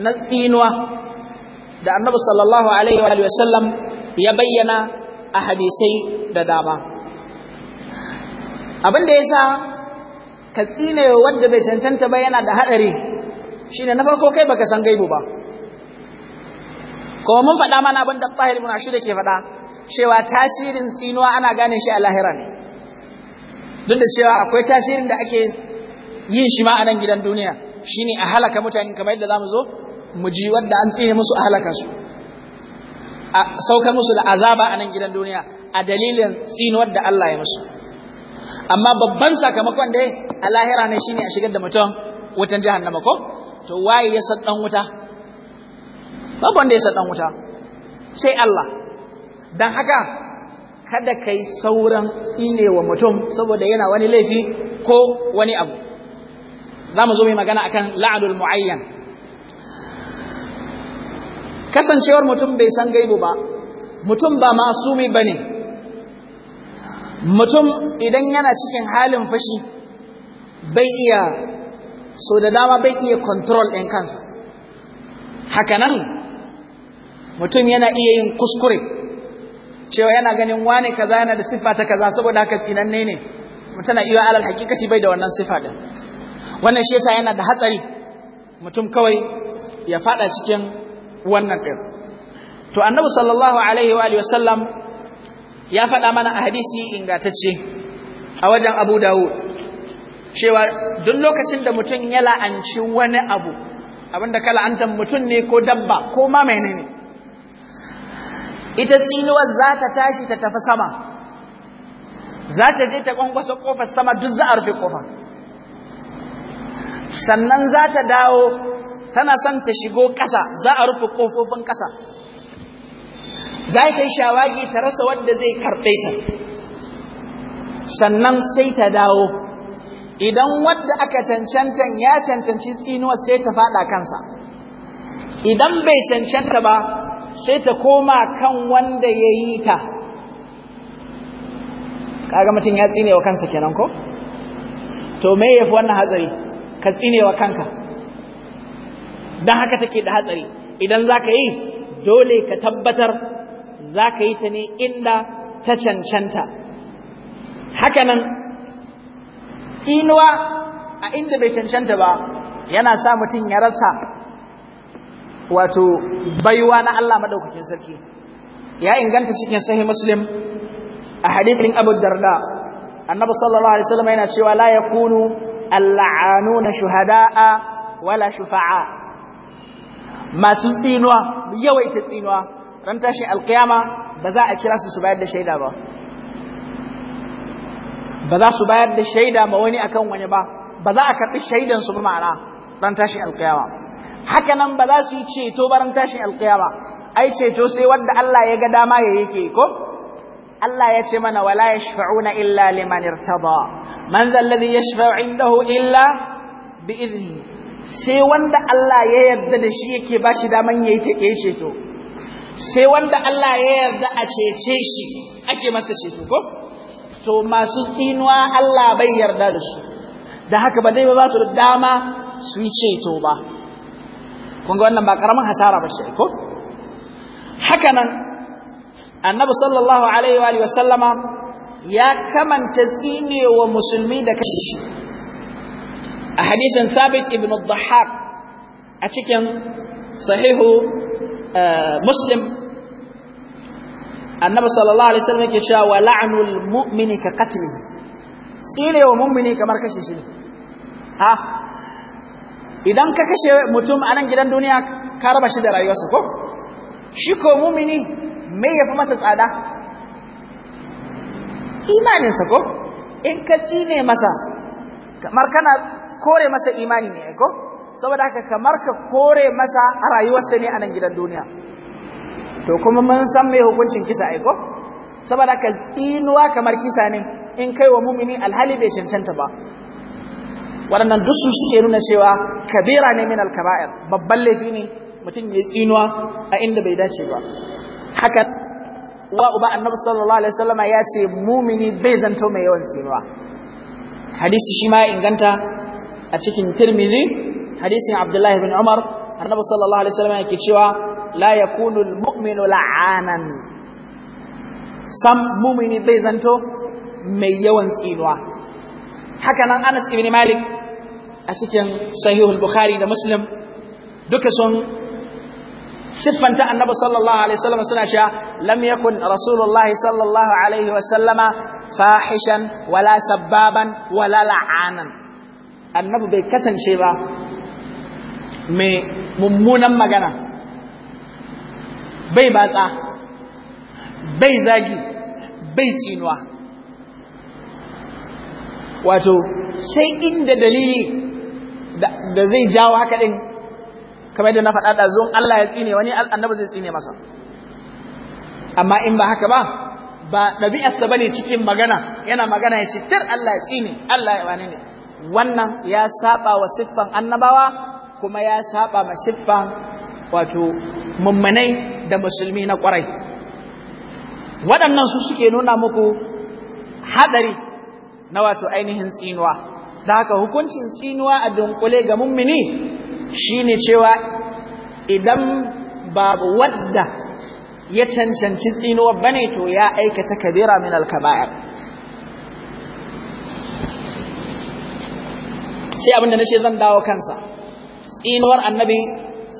na tsinuwa da annabi sallallahu alaihi wa sallam ya bayyana a hadisai da dama abin da sa ka tsine wanda bai cancanta ba yana da hadari shine na farko kai baka san gaibu ba kuma mun faɗa mana abin da muna shi da ke faɗa cewa tasirin tsinuwa ana gane shi a lahira ne duk da cewa akwai tasirin da ake yin shi ma a nan gidan duniya shine a halaka mutane kamar yadda zamu zo mu ji wanda an tsine musu a halaka su a saukar musu da azaba a nan gidan duniya a dalilin tsinuwar da Allah ya musu amma babban sakamakon dai a lahira ne shine a shigar da mutum wutan jahannama ko to waye ya san dan wuta babban da ya san dan wuta sai Allah dan haka kada kai sauran tsinewa mutum saboda yana wani laifi ko wani abu za mu zo mai magana akan la'adul mu'ayyan kasancewar mutum bai san gaibu ba mutum ba masumi bane mutum idan yana cikin halin fashi bai iya so da dama bai iya control ɗin kansa hakanan mutum yana iya yin kuskure cewa yana ganin wane kaza yana da sifa ta kaza saboda haka sinanne ne mutum na iya alal hakikati bai da wannan siffa din wannan shi yasa yana da hatsari mutum kawai ya fada cikin wannan din to annabi sallallahu alaihi wa alihi wasallam ya fada mana a hadisi ingantacce a wajen Abu Dawud cewa duk lokacin da mutum ya la'anci wani abu abinda ka la'antar mutum ne ko dabba ko ma menene ita tsinuwar za ta tashi ta tafi sama za ta je ta kwankwasa kofar sama duk za a rufe kofar sannan za ta dawo tana son ta shigo ƙasa za a rufe ƙofofin ƙasa za ta yi shawagi ta rasa wanda zai karɓe ta sannan sai ta dawo idan wadda aka cancantan ya cancanci tsinuwa sai ta faɗa kansa idan bai cancanta ba sai ta koma kan wanda ya yi ta kaga mutum ya tsinewa kansa kenan ko to me yafi wannan hatsari ka tsinewa kanka don haka take da hatsari idan za ka yi dole ka tabbatar za ka yi ta ne inda ta cancanta hakanan inuwa a inda bai cancanta ba yana sa mutum ya rasa wato baiwa na Allah madaukakin sarki ya inganta cikin sahih muslim a hadisin abu darda annabi sallallahu alaihi wasallam yana cewa la yakunu alla'anuna shuhada'a wala shufa'a masu tsinuwa yawaita tsinuwa ran tashin alkiyama ba za a kira su su bayar da shaida ba ba za su bayar da shaida ma wani akan wani ba ba za a karɓi shaidan su ba ma'ana ran tashin alkiyama haka nan ba za su yi ceto ba ran tashin alkiyama ai ceto sai wanda Allah ya ga dama ya yake ko Allah ya ce mana wala yashfa'una illa liman irtada man zal ladhi yashfa'u indahu illa bi idni sai wanda Allah ya yarda da shi yake bashi man yayi take ceto sai wanda Allah ya yarda a cece shi ake masa ceto ko to masu tsinuwa Allah bai yarda da su da haka ba dai ba su dama su yi ceto ba kun ga wannan ba karamin hasara ba shi ko haka nan annabi sallallahu alaihi wa sallama ya kamanta wa musulmi da kashe shi a hadisin sabit ibn al-dhahhak a cikin sahihu eh, muslim annabi sallallahu alaihi wasallam yake cewa wa la'nul mu'mini ka qatlihi wa mu'mini kamar kashe shi ha idan ka kashe mutum a nan gidan duniya ka raba shi da rayuwarsa ko shi ko mu'mini me ya fi masa tsada imaninsa ko in ka tsine masa kamar kana kore masa imani ne ko saboda haka kamar ka kore masa a rayuwarsa ne a nan gidan duniya to kuma mun san mai hukuncin kisa ai ko saboda haka tsinuwa kamar kisa ne in kai wa mumini alhali bai cancanta ba waɗannan duk su suke nuna cewa kabira ne min alkaba'ir babban laifi ne mutum ya tsinuwa a inda bai dace ba haka wa uba annabi sallallahu alaihi wasallama ya ce mumini bai zanto mai yawan tsinuwa hadisi shi ma inganta a cikin tirmidhi hadisin abdullahi ibn umar annabi sallallahu alaihi wasallama yake cewa la yakunu almu'minu la'anan sam mumini bai zanto mai yawan tsinuwa haka nan Anas ibn Malik a cikin Sahihul Bukhari da Muslim duka sun siffanta annabi sallallahu alaihi wasallam suna cewa lam yakun rasulullahi sallallahu alaihi wasallama fahishan wala sabbaban wala la'anan annabi bai kasance ba mai mummunan magana bai batsa bai zagi bai tsinuwa wato sai inda dalili da zai jawo haka din kamar yadda na faɗa da zon Allah ya tsine wani annabi zai tsine masa amma in ba haka ba ba ɗabi'arsa bane cikin magana yana magana ya ce tir Allah ya tsine Allah ya wani ne wannan ya saba wa siffan annabawa kuma ya saba ma siffan wato mummunai da musulmi na kwarai waɗannan su suke nuna muku hadari na wato ainihin tsinuwa da haka hukuncin tsinuwa a dunkule ga mummuni shine cewa idan babu wadda ya cancanci tsinuwa bane to ya aikata kabira min al sai abinda ce zan dawo kansa tsinuwar annabi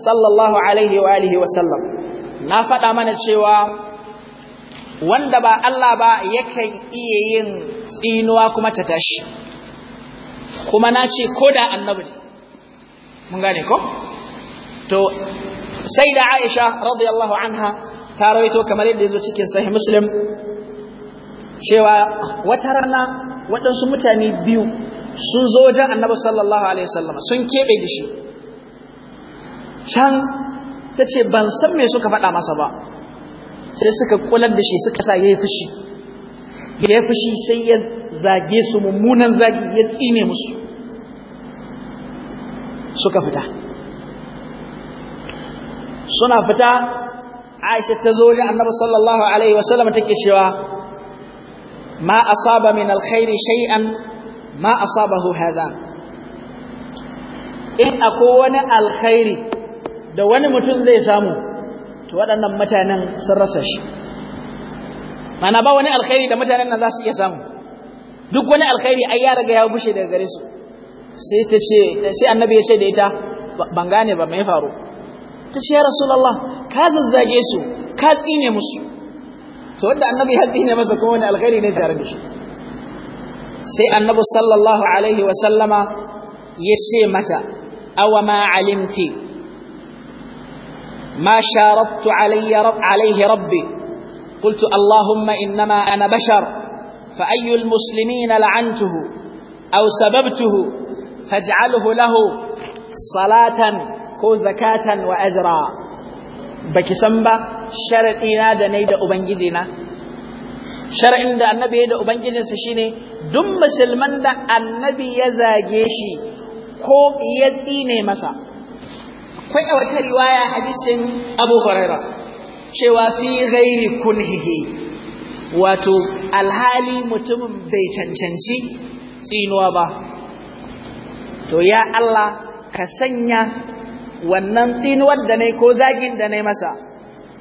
sallallahu alaihi wa alihi wa sallam na faɗa mana cewa wanda ba Allah ba yakan iya yin tsinuwa kuma ta tashi kuma na ce ko da annabi ne mun gane ko to sai da Aisha radiyallahu anha ta rawaito kamar yadda yazo cikin sahih Muslim cewa wata rana waɗansu mutane biyu sun zo wajen Annabi sallallahu alaihi wasallam sun kebe da shi can ce ban san me suka faɗa masa ba sai suka kular da shi suka sa yi fushi yi fushi sai ya zage su mummunan zagi ya tsine musu suka fita suna fita Aisha ta zo da Annabi sallallahu alaihi wasallam take cewa ma asaba min alkhairi shay'an ma asabahu hadha in akwai wani alkhairi da wani mutum zai samu to waɗannan mutanen sun rasa shi mana ba wani alkhairi da mutanen nan za su iya samu duk wani alkhairi ai ya riga ya bushe daga gare su sai ta ce sai annabi ya ce da ita ban gane ba mai faru ta ce ya rasulullah ka zazzage su ka tsine musu to wanda annabi ya tsine masa kuma wani alkhairi ne tare da shi sai annabi sallallahu alaihi wa sallama ya ce mata awa ma alimti ma sharabtu alaihi rabbi قلت اللهم إنما أنا بشر فأي المسلمين لعنته أو سببته faj'alhu lahu salatan ko zakatan wa ajra baki san ba sharadi na da nayi da ubangijina. na da annabi ya da ubangijinsa shine duk musulman da annabi ya zage shi ko ya tsine masa akwai a wata riwaya hadisin abu huraira cewa fi kun kunhihi wato alhali mutumin bai cancanci tsinuwa ba to ya Allah ka sanya wannan tsinuwar da ne ko zagin da ne masa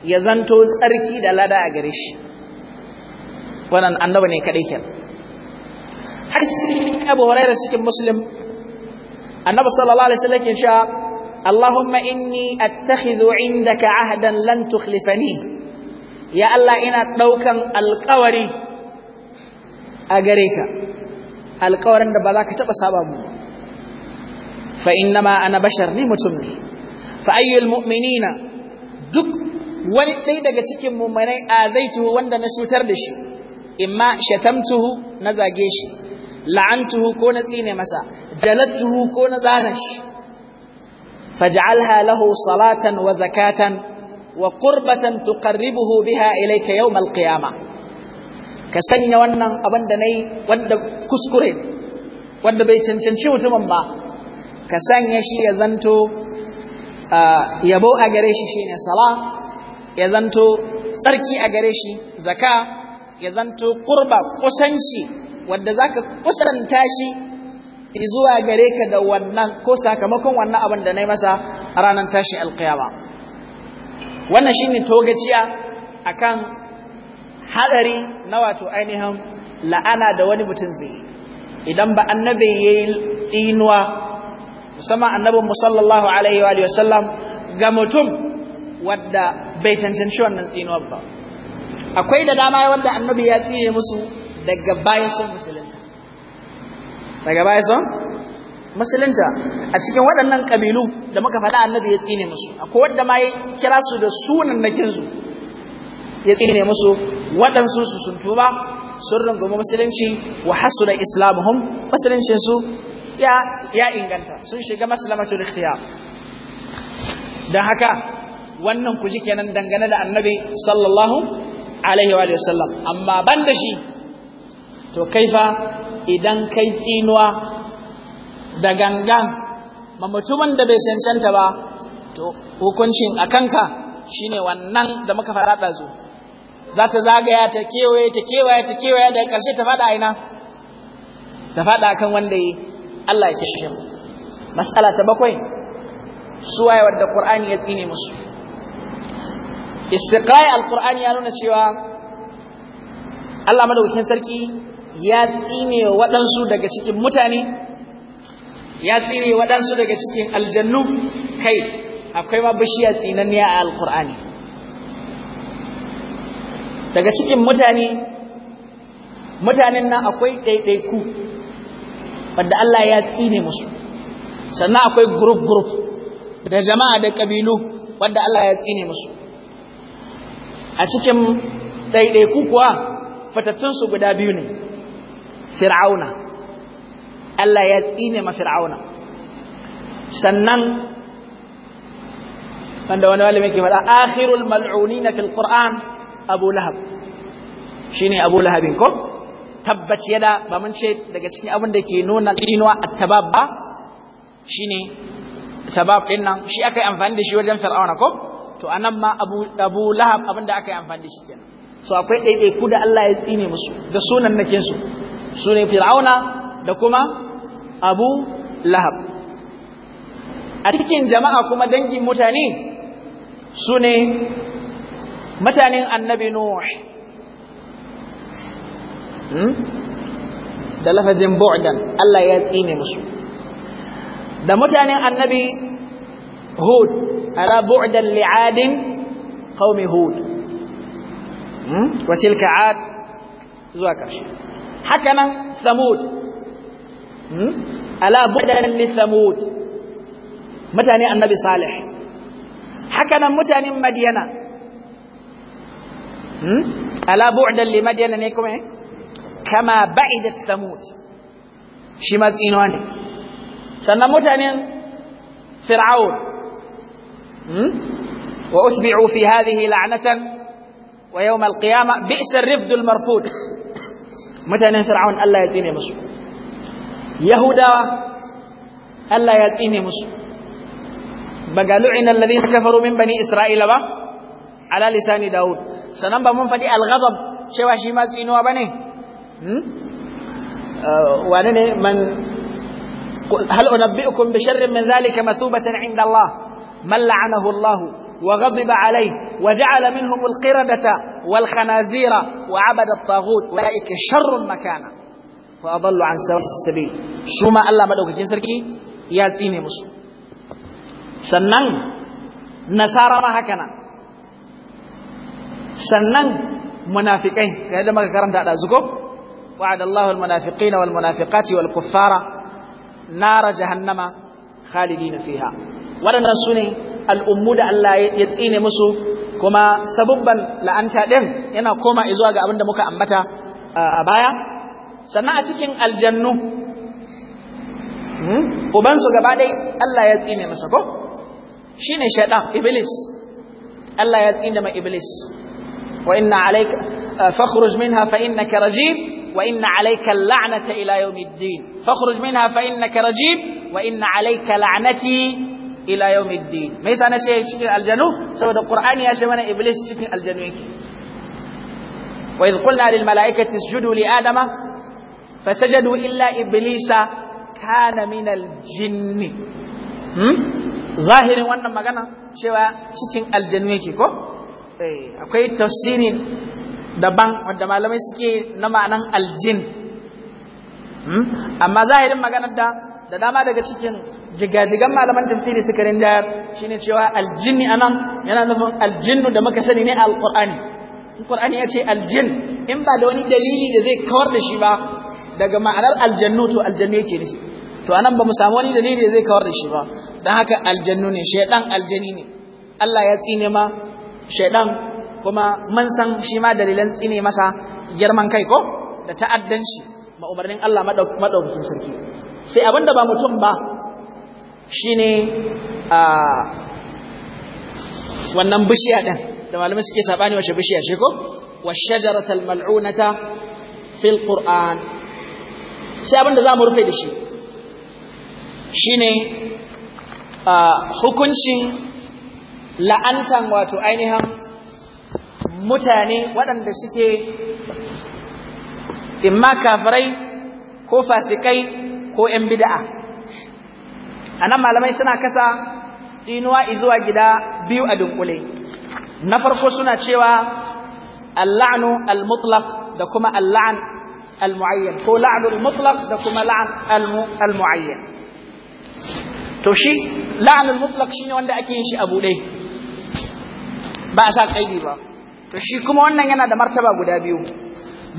ya zanto tsarki da lada a gare shi wannan annaba ne kadai ke har abu huraira cikin muslim annabi sallallahu alaihi wasallam ke cewa Allahumma inni attakhidhu indaka ahdan lan tukhlifani ya Allah ina ɗaukan alƙawari a gare ka alƙawarin da ba za ka taɓa saba mu fa innama ana bashar ni mutum ne fa ayyul mu'minina duk wani ɗaya daga cikin mu'minai tuhu wanda na cutar da shi imma shatamtuhu na zage shi la'antuhu ko na tsine masa jalattuhu ko na zana shi faj'alha lahu salatan wa zakatan wa qurbatan tuqarribuhu biha ilayka yawm al-qiyamah ka sanya wannan abin da nayi wanda kuskure wanda bai cancanci mutumin ba ka sanya shi ya zanto yabo a gare shi shine sala ya zanto tsarki a gare shi zaka ya zanto kurba kusanci wadda zaka kusanta shi zuwa gare ka da wannan ko sakamakon wannan abin da na yi masa ranar tashi alkiyama wannan shine togaciya akan hadari na wato ainihin la'ana da wani mutum zai idan ba annabi yayi tsinuwa musamman annabin musallallahu alaihi wa sallam ga mutum wadda bai cancanci wannan tsinuwar ba akwai da dama wadda annabi ya tsine musu daga bayan sun musulunta daga bayan sun musulunta a cikin waɗannan ƙabilu da muka faɗa annabi ya tsine musu akwai wadda ma ya kira su da sunan na kinsu ya tsine musu waɗansu su sun tuba sun rungumi musulunci wa da islamuhum musuluncinsu ya ya inganta sun shiga maslamatul ikhtiyar dan haka wannan ku ji kenan dangane da annabi sallallahu alaihi wa sallam amma ban da shi to kaifa idan kai tsinuwa da gangan ma mutumin da bai cancanta ba to hukuncin a kanka shine wannan da muka faɗa ɗazu za ta zagaya ta kewaye ta kewaye ta kewaye da ƙarshe ta faɗa aina. ta faɗa kan wanda yi Allah ya kishe mu mas'ala ta bakwai su waye wadda Qur'ani ya tsine musu istiqai al ya nuna cewa Allah madaukakin sarki ya tsine waɗansu daga cikin mutane ya tsine waɗansu daga cikin aljannu kai akwai ma bishiya tsinanniya a al daga cikin mutane mutanen nan akwai ɗaiɗaiku wanda Allah ya tsine musu sannan akwai group group da jama'a da kabilu wanda Allah ya tsine musu a cikin ku kuwa fatattunsu guda biyu ne fir'auna Allah ya tsine ma fir'auna sannan wanda wani malami yake fada akhirul mal'unina fil qur'an abu lahab shine abu lahabin ko tabbaci yana ba mun ce daga cikin abin da ke nuna tsinuwa at-tabab ba shine tabab din nan shi aka yi amfani da shi wajen fir'auna ko to anan ma abu lahab abin da aka yi amfani da shi kenan so akwai ɗaiɗaiku da Allah ya tsine musu da sunan nakin su ne fir'auna da kuma abu lahab a cikin jama'a kuma dangin mutane ne mutanen annabi nuh da lafazin bu'dan Allah ya tsine musu da mutanen annabi hud ala bu'dan li'adin qaumi hud wa tilka ad zuwa karshe haka nan samud ala bu'dan li samud mutane annabi salih haka nan mutanen madiyana ala bu'dan li madiyana ne kuma eh كما بعدت ثمود شي سينوان زينوان سنموت أنين فرعون وأتبعوا في هذه لعنة ويوم القيامة بئس الرفد المرفوض متن فرعون ألا يديني مصر يهودا ألا يديني مصر بقى لعن الذين كفروا من بني إسرائيل على لسان داود سنبا منفدي الغضب شواشي ما زينوا بنيه آه، وانني من هل انبئكم بشر من ذلك مسوبة عند الله من لعنه الله وغضب عليه وجعل منهم القردة والخنازير وعبد الطاغوت اولئك شر مكانا فاضلوا عن سواء السبيل شو ما ألا مدوك جنسركي يا سيني مسو سنن نصارى ما هكنا سنن منافقين كهذا ما كرمت دعلا زكو وعد الله المنافقين والمنافقات والكفار نار جهنم خالدين فيها ولن سني الأمود الله يتسين مسو كما سببا لأنت دم ينا كما إزواج أبند مكا أمبتا أبايا سنة أتكين الجنة ubansu gaba dai Allah ya tsine masa ko shine shaitan iblis Allah ya tsine ma iblis wa inna alayka fakhruj minha fa innaka rajim وإن عليك اللعنة إلى يوم الدين فاخرج منها فإنك رجيم وإن عليك لعنتي إلى يوم الدين ما يسا نشي شكل الجنو سوى القرآن يا شمنا إبليس شكل الجنو وإذ قلنا للملائكة اسجدوا لآدم فسجدوا إلا إبليس كان من الجن ظاهر وانا مغانا شوى شكل الجنو كو akwai tafsirin daban wanda malamai suke na ma'anan aljin hmm? amma zahirin maganar da da dama daga cikin jigajigan malaman tafsiri suka rinda shine cewa aljinni anan yana nufin aljinnu da muka sani ne alqur'ani alqur'ani ya ce aljin in ba da wani dalili da zai kawar da shi ba daga ma'anar aljannu to aljannu yake nufi to anan ba mu samu wani dalili da zai kawar da shi ba dan haka aljannu ne shaydan aljani ne Allah ya tsine ma shaydan kuma mun san shi ma dalilan tsine masa girman kai ko da ta'addanci ma umarnin Allah madaukakin sarki sai abinda ba mutum ba shine a wannan bishiya din da malamai suke sabani wace bishiya ce ko والشجرة mal'unata fil qur'an? sai abin da za mu rufe da shi shi ne hukuncin la'antan wato ainihin mutane waɗanda suke imma kafirai ko fasikai ko ‘yan bida'a. A nan malamai suna kasa inuwa izuwa gida biyu a dunkule. Na farko suna cewa alla'anu al-mutlaq da kuma alla'an al-mu'ayyan ko la'anu al-mutlaq da kuma la'an al-mu'ayyan. To shi la'an al shi ne wanda ake yin shi a buɗe ba a sa kaidi ba. to shi kuma wannan yana da martaba guda biyu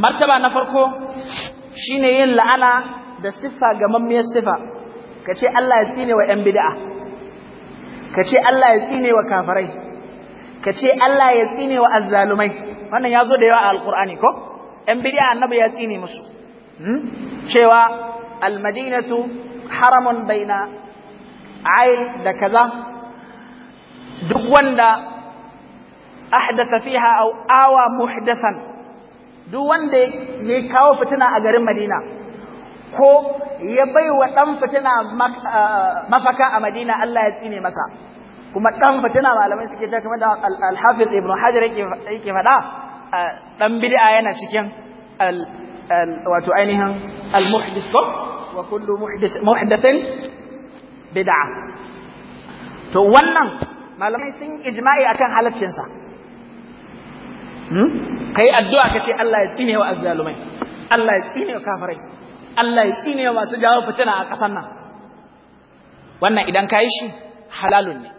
martaba na farko shine yin la'ana da siffa ga mammiyar siffa kace Allah ya tsine wa yan bid'a kace Allah ya tsine wa kafirai kace Allah ya tsine wa azzalumai wannan yazo da yawa a alqur'ani ko yan bid'a annabi ya tsine musu hmm? cewa almadinatu haramun baina ail da kaza duk wanda ahdatha fiha aw awa muhdathan duk wanda ya kawo fitina a garin Madina ko ya baiwa dan fitina mafaka a Madina Allah ya tsine masa kuma dan fitina malamai suke cewa kamar da al-Hafiz Ibn Hajar yake faɗa dan bid'a yana cikin wato ainihin al-muhdith wa kullu muhdathin bid'a to wannan malamai sun ijma'i akan halaccinsa Hmm? ka yi addu'a ka ce Allah ya tsine wa azzalumai Allah ya tsine wa kafirai Allah ya tsine wa masu jawo fitina a ƙasar nan wannan idan ka yi shi halalun ne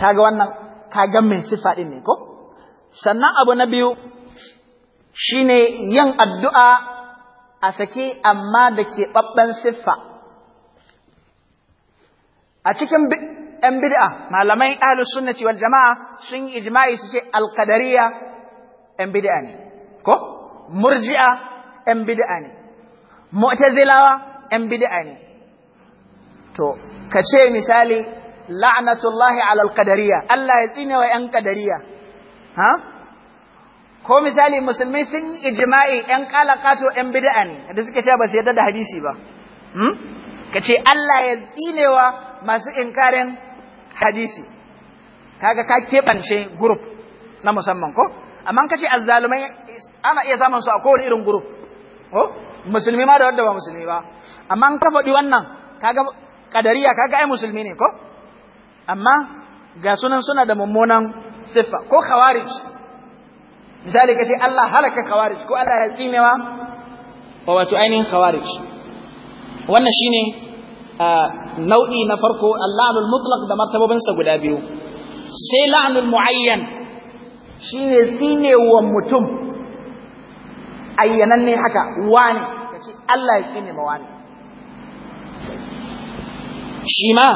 kaga wannan kaga mai sifa din ne ko sannan abu na biyu shine yin addu'a a sake amma da keɓaɓɓen siffa a cikin ‘yan bid'a, malamai ahlus sunnati wal jama'a sun yi ijma'i su ce alƙadariya ‘yan bid'a ne, ko? Murji'a ‘yan bid'a ne, mu'tazilawa ‘yan bid'a ne. To, ka ce misali, la'anatullahi alal Allah ya tsine wa ‘yan ƙadariya. Ha? Ko misali, musulmai sun yi ijma'i ‘yan ƙalaƙato ‘yan bid'a ne, da suka ce ba su yadda da hadisi ba. Hmm? Ka ce Allah ya tsinewa masu inkarin hadisi kaga ka keɓance group na musamman ko amma ka ce azzalumai ana iya samun su a kowane irin group ko musulmi ma da wanda ba musulmi ba amma ka faɗi wannan kaga kadariya kaga ai musulmi ne ko amma ga sunan suna da mummunan siffa ko khawarij misali ka ce Allah halaka khawarij ko Allah ya tsinewa wa wato ainihin khawarij wannan shine nau'i na farko allanul mutlaq da martabobinsa guda biyu sai la'anul mu'ayyan shine tsine wa mutum ne haka wani ce Allah ya tsine ma wani shi ma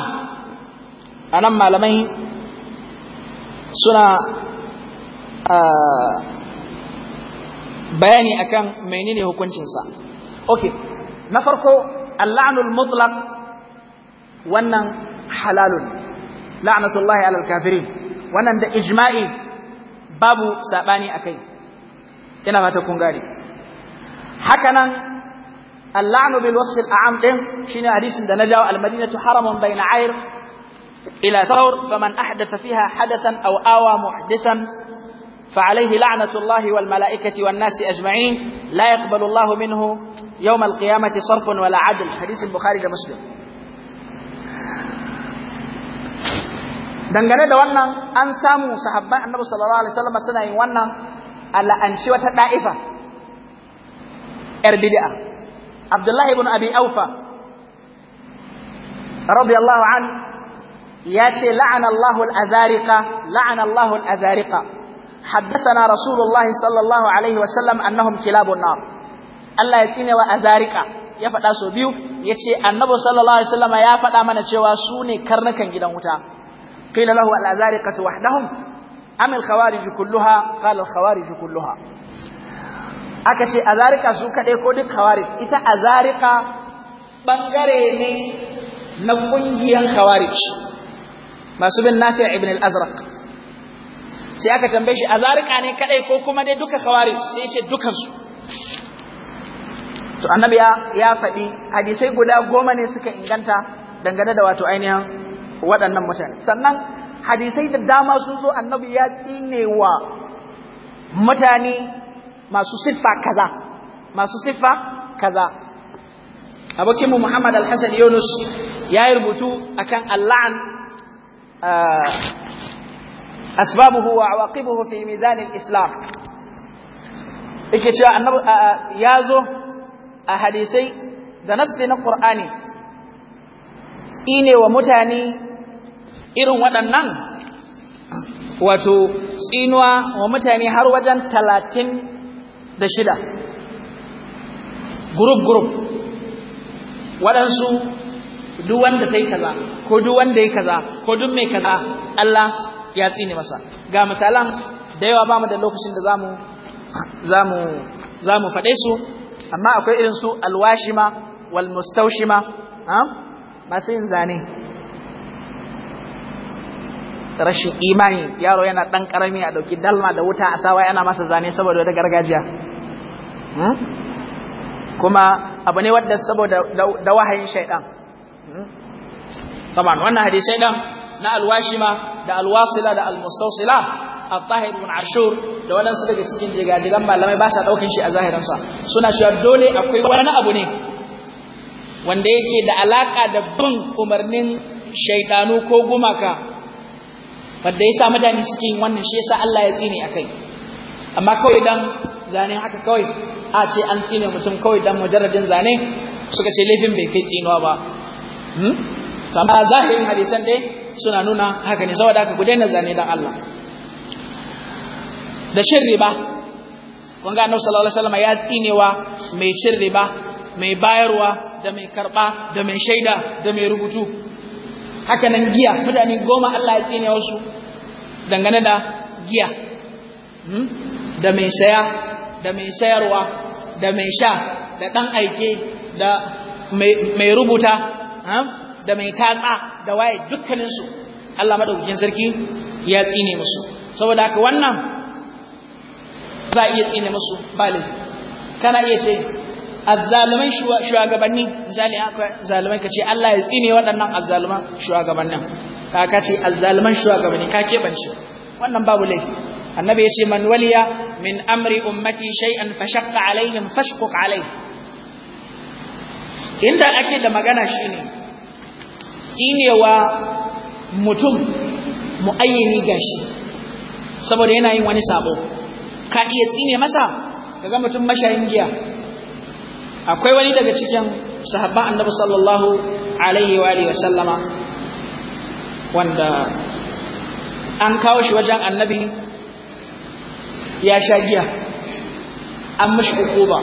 anan malamai suna bayani akan menene hukuncinsa okay na farko allanul mutlaq wannan halalun la'anatullahi alal kafirin wannan da ijma'i babu saɓani akai ina mata kun gari hakanan bil wasf al'am din shine hadisin da najawa al madinatu haramun bayna ayr ila thawr fiha hadathan aw muhdisan fa alayhi la'natullahi wal malaikati wan ajma'in la yaqbalu minhu yawm sarfun wala adl hadis al da muslim dangane da wannan an samu sahabban annabi sallallahu alaihi wasallam suna yin wannan ala'anci wata da'ifa yar bid'a Abdullahi ibn Abi Aufa radiyallahu an ya ce la'ana Allahu al-azariqa la'ana Allahu al-azariqa حدثنا رسول الله صلى الله عليه وسلم أنهم كلاب النار الله يتيني وأذارك ya faɗa sau biyu ya ce annabi sallallahu alaihi wasallam ya faɗa mana cewa su ne karnukan gidan wuta قيل له الأزارقة وحدهم أم الخوارج كلها قال الخوارج كلها akace azarika su kadai ko duk khawarij ita azarika bangare ne na ƙungiyar khawarij masu bin nafi ibn al-azraq sai aka tambaye shi azarika ne kadai ko kuma dai duka khawarij sai yace dukan su to annabi ya faɗi hadisai guda goma ne suka inganta dangane da wato ainihin waɗannan mutane sannan hadisai da dama sun zo annabi ya tsinewa mutane masu siffa kaza masu siffa kaza abokinmu Muhammad AlHassan hassan Yunus ya yi rubutu akan Allah'an ah, asbabuhu wa awaqibuhu fi mizanil Islam yake cewa annabi ah, ah, ya zo a hadisai da nassi na Qur'ani tsinewa mutane irin waɗannan wato tsinuwa wa mutane har wajen talatin da shida gurub-gurub waɗansu duwanda wanda ta kaza ko duwanda ya kaza ko duk mai kaza Allah ya tsine masa ga misalan da yawa ba da lokacin da zamu mu faɗe su amma akwai irin su alwashima walmustaushima masu yin zane rashin imani yaro yana dan karami a dauki dalma da wuta a sawa yana masa zane saboda wata gargajiya hmm? kuma abu ne wadda saboda da wahayin shaidan hmm? saman wannan hadisai shaidan na alwashima da alwasila da almustawsila al-tahir ibn ashur da wadansu daga cikin jigajigan malamai ba sa daukin shi a zahirin sa suna cewa dole akwai wani abu ne wanda yake da alaka da bin umarnin shaidanu ko gumaka wanda yasa mutane suke yin wannan shi yasa Allah ya tsine akai amma kawai dan zane haka kawai a ce an tsine mutum kawai dan mujarradin zane suka ce laifin bai kai tsinuwa ba hmm amma zahirin hadisan dai suna nuna haka ne saboda haka ku daina zane dan Allah da shin riba kun ga Annabi sallallahu alaihi wasallam ya tsinewa mai cin riba mai bayarwa da mai karba da mai shaida da mai rubutu haka nan giya mutane goma Allah ya tsine wasu dangane da giya hmm? da mai saya da mai sayarwa da mai sha da ɗan aike da mai rubuta da mai tatsa da waye dukkaninsu Allah maɗaukakin sarki ya tsine musu saboda haka wannan za a iya tsine musu ba kana iya ce azzaluman shugabanni misali akwai zalumai kace Allah ya tsine waɗannan azzaluman shugabannin ka kace azzaluman shugabanni ka wannan babu laifi annabi ya ce man waliya min amri ummati shay'an fashaqqa alaihim fashquq alaihi inda ake da magana shine tsinewa mutum muayyini gashi saboda yana yin wani sabo ka iya tsine masa kaga mutum mashayin giya akwai wani daga cikin sahabban annabi sallallahu alaihi wa alihi wasallama wanda an kawo shi wajen annabi ya sha giya an mashi hukuma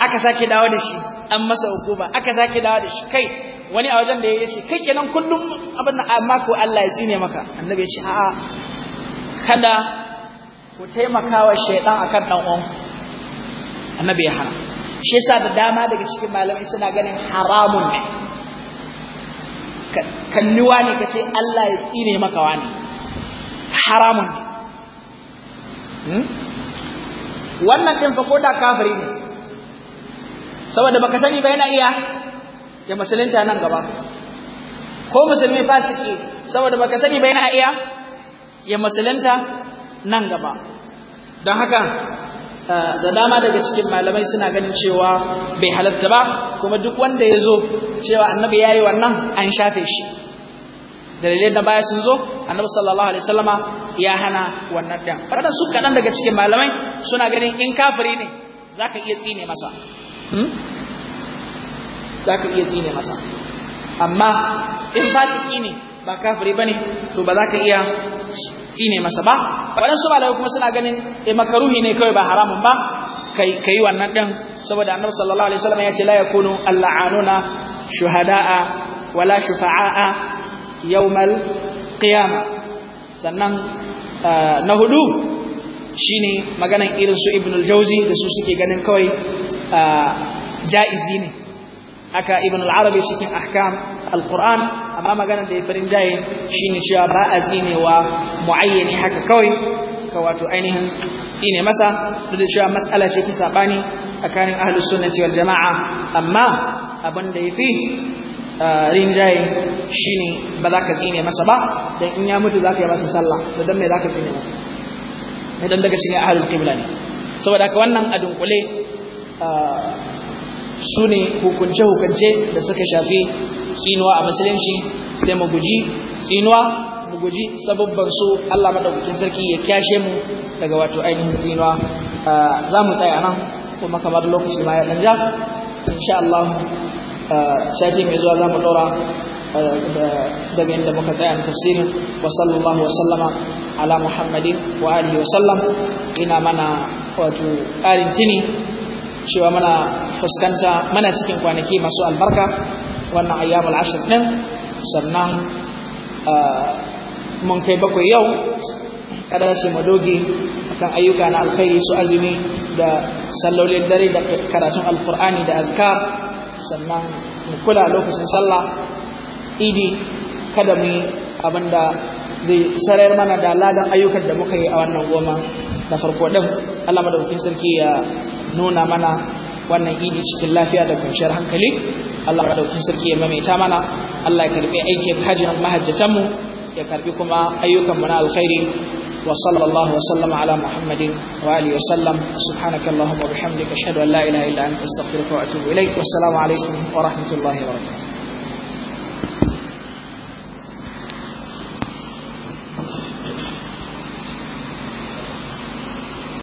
aka sake dawo da shi an masa hukuma aka sake dawo da shi kai wani a wajen da ya ce kai kenan kullum abin amma ko Allah ya tsine maka annabi ya ce a'a kada ku taimaka wa shaidan akan dan uwan annabi ya hana shi yasa da dama daga cikin malamai suna ganin haramun ne kanniwa ne kace Allah ya tsine maka wani haramun ne hmm? wannan din fa ko da kafiri ne saboda baka sani ba yana iya ya musulunta nan gaba ko musulmi fasiki saboda baka sani ba yana iya ya musulunta nan gaba don haka Eh, da dama daga cikin malamai suna ganin cewa bai halatta ba kuma duk wanda ya zo cewa annabi ya yi wannan an shafe shi dalilai da baya sun zo annabi sallallahu alaihi wasallama ya hana wannan ɗin wadanda su kaɗan daga cikin malamai suna ganin in kafiri ne za ka iya tsine masa hmm? za ka iya tsine masa amma in fasiki ne ba kafiri ba ne to ba za ka iya tsine masa ba waɗansu malamai kuma suna ganin e makaruhi ne kawai ba haramun ba kai kai wannan din saboda annabi sallallahu alaihi wasallam ya ce la yakunu al'anuna shuhada'a wala shufa'a yawmal qiyama sannan eh, na hudu shine maganan irin su ibnul jauzi da su suke ganin kawai eh, ja'izi ne aka ibnul arabi cikin ahkam alquran amma magana da ya farin jaye shine cewa ba a zinewa muayyani haka kawai ka wato ainihin tsine masa duk da cewa mas'ala ce ta sabani tsakanin ahlus sunnati wal jama'a amma abin da yafi rinjaye shine ba za ka zine masa ba dan in ya mutu za ka yi masa sallah to dan me za ka zine masa idan daga cikin ahlul qibla ne saboda haka wannan a dunkule su ne hukunce-hukunce da suka shafi tsinuwa a musulunci sai mu guji tsinuwa mu guji sababban su Allah madaukakin sarki ya kyashe mu daga wato ainihin tsinuwa za mu tsaya nan kuma kamar lokaci ma ya ja insha Allah sati mai zuwa za mu dora daga inda muka tsaya na tafsirin wa sallallahu wa sallama ala muhammadin wa alihi wa sallam ina mana wato ƙarin tini cewa mana fuskanta mana cikin kwanaki masu albarka wannan ayyamul ashir din sannan ah, mun kai bakwai yau kada shi mu doge akan ayyuka na alkhairi su azumi da sallolin dare da karatun alkur'ani da azkar sannan mu kula lokacin sallah idi kada mu abinda zai sarayar mana da ladan ayyukan da muka yi a wannan goma na farko din Allah madaukakin sarki ya nuna mana wannan idi cikin lafiya da kwanciyar hankali Allah madaukakin sarki ya maimaita mana Allah ya karbi aikin hajjin mahajjatanmu ya karbi kuma ayyukan mu na alkhairi wa sallallahu wa sallama ala muhammadin wa alihi wa sallam subhanaka allahumma wa bihamdika ashhadu an la ilaha illa anta astaghfiruka wa atubu ilaik wa assalamu alaikum wa rahmatullahi wa barakatuh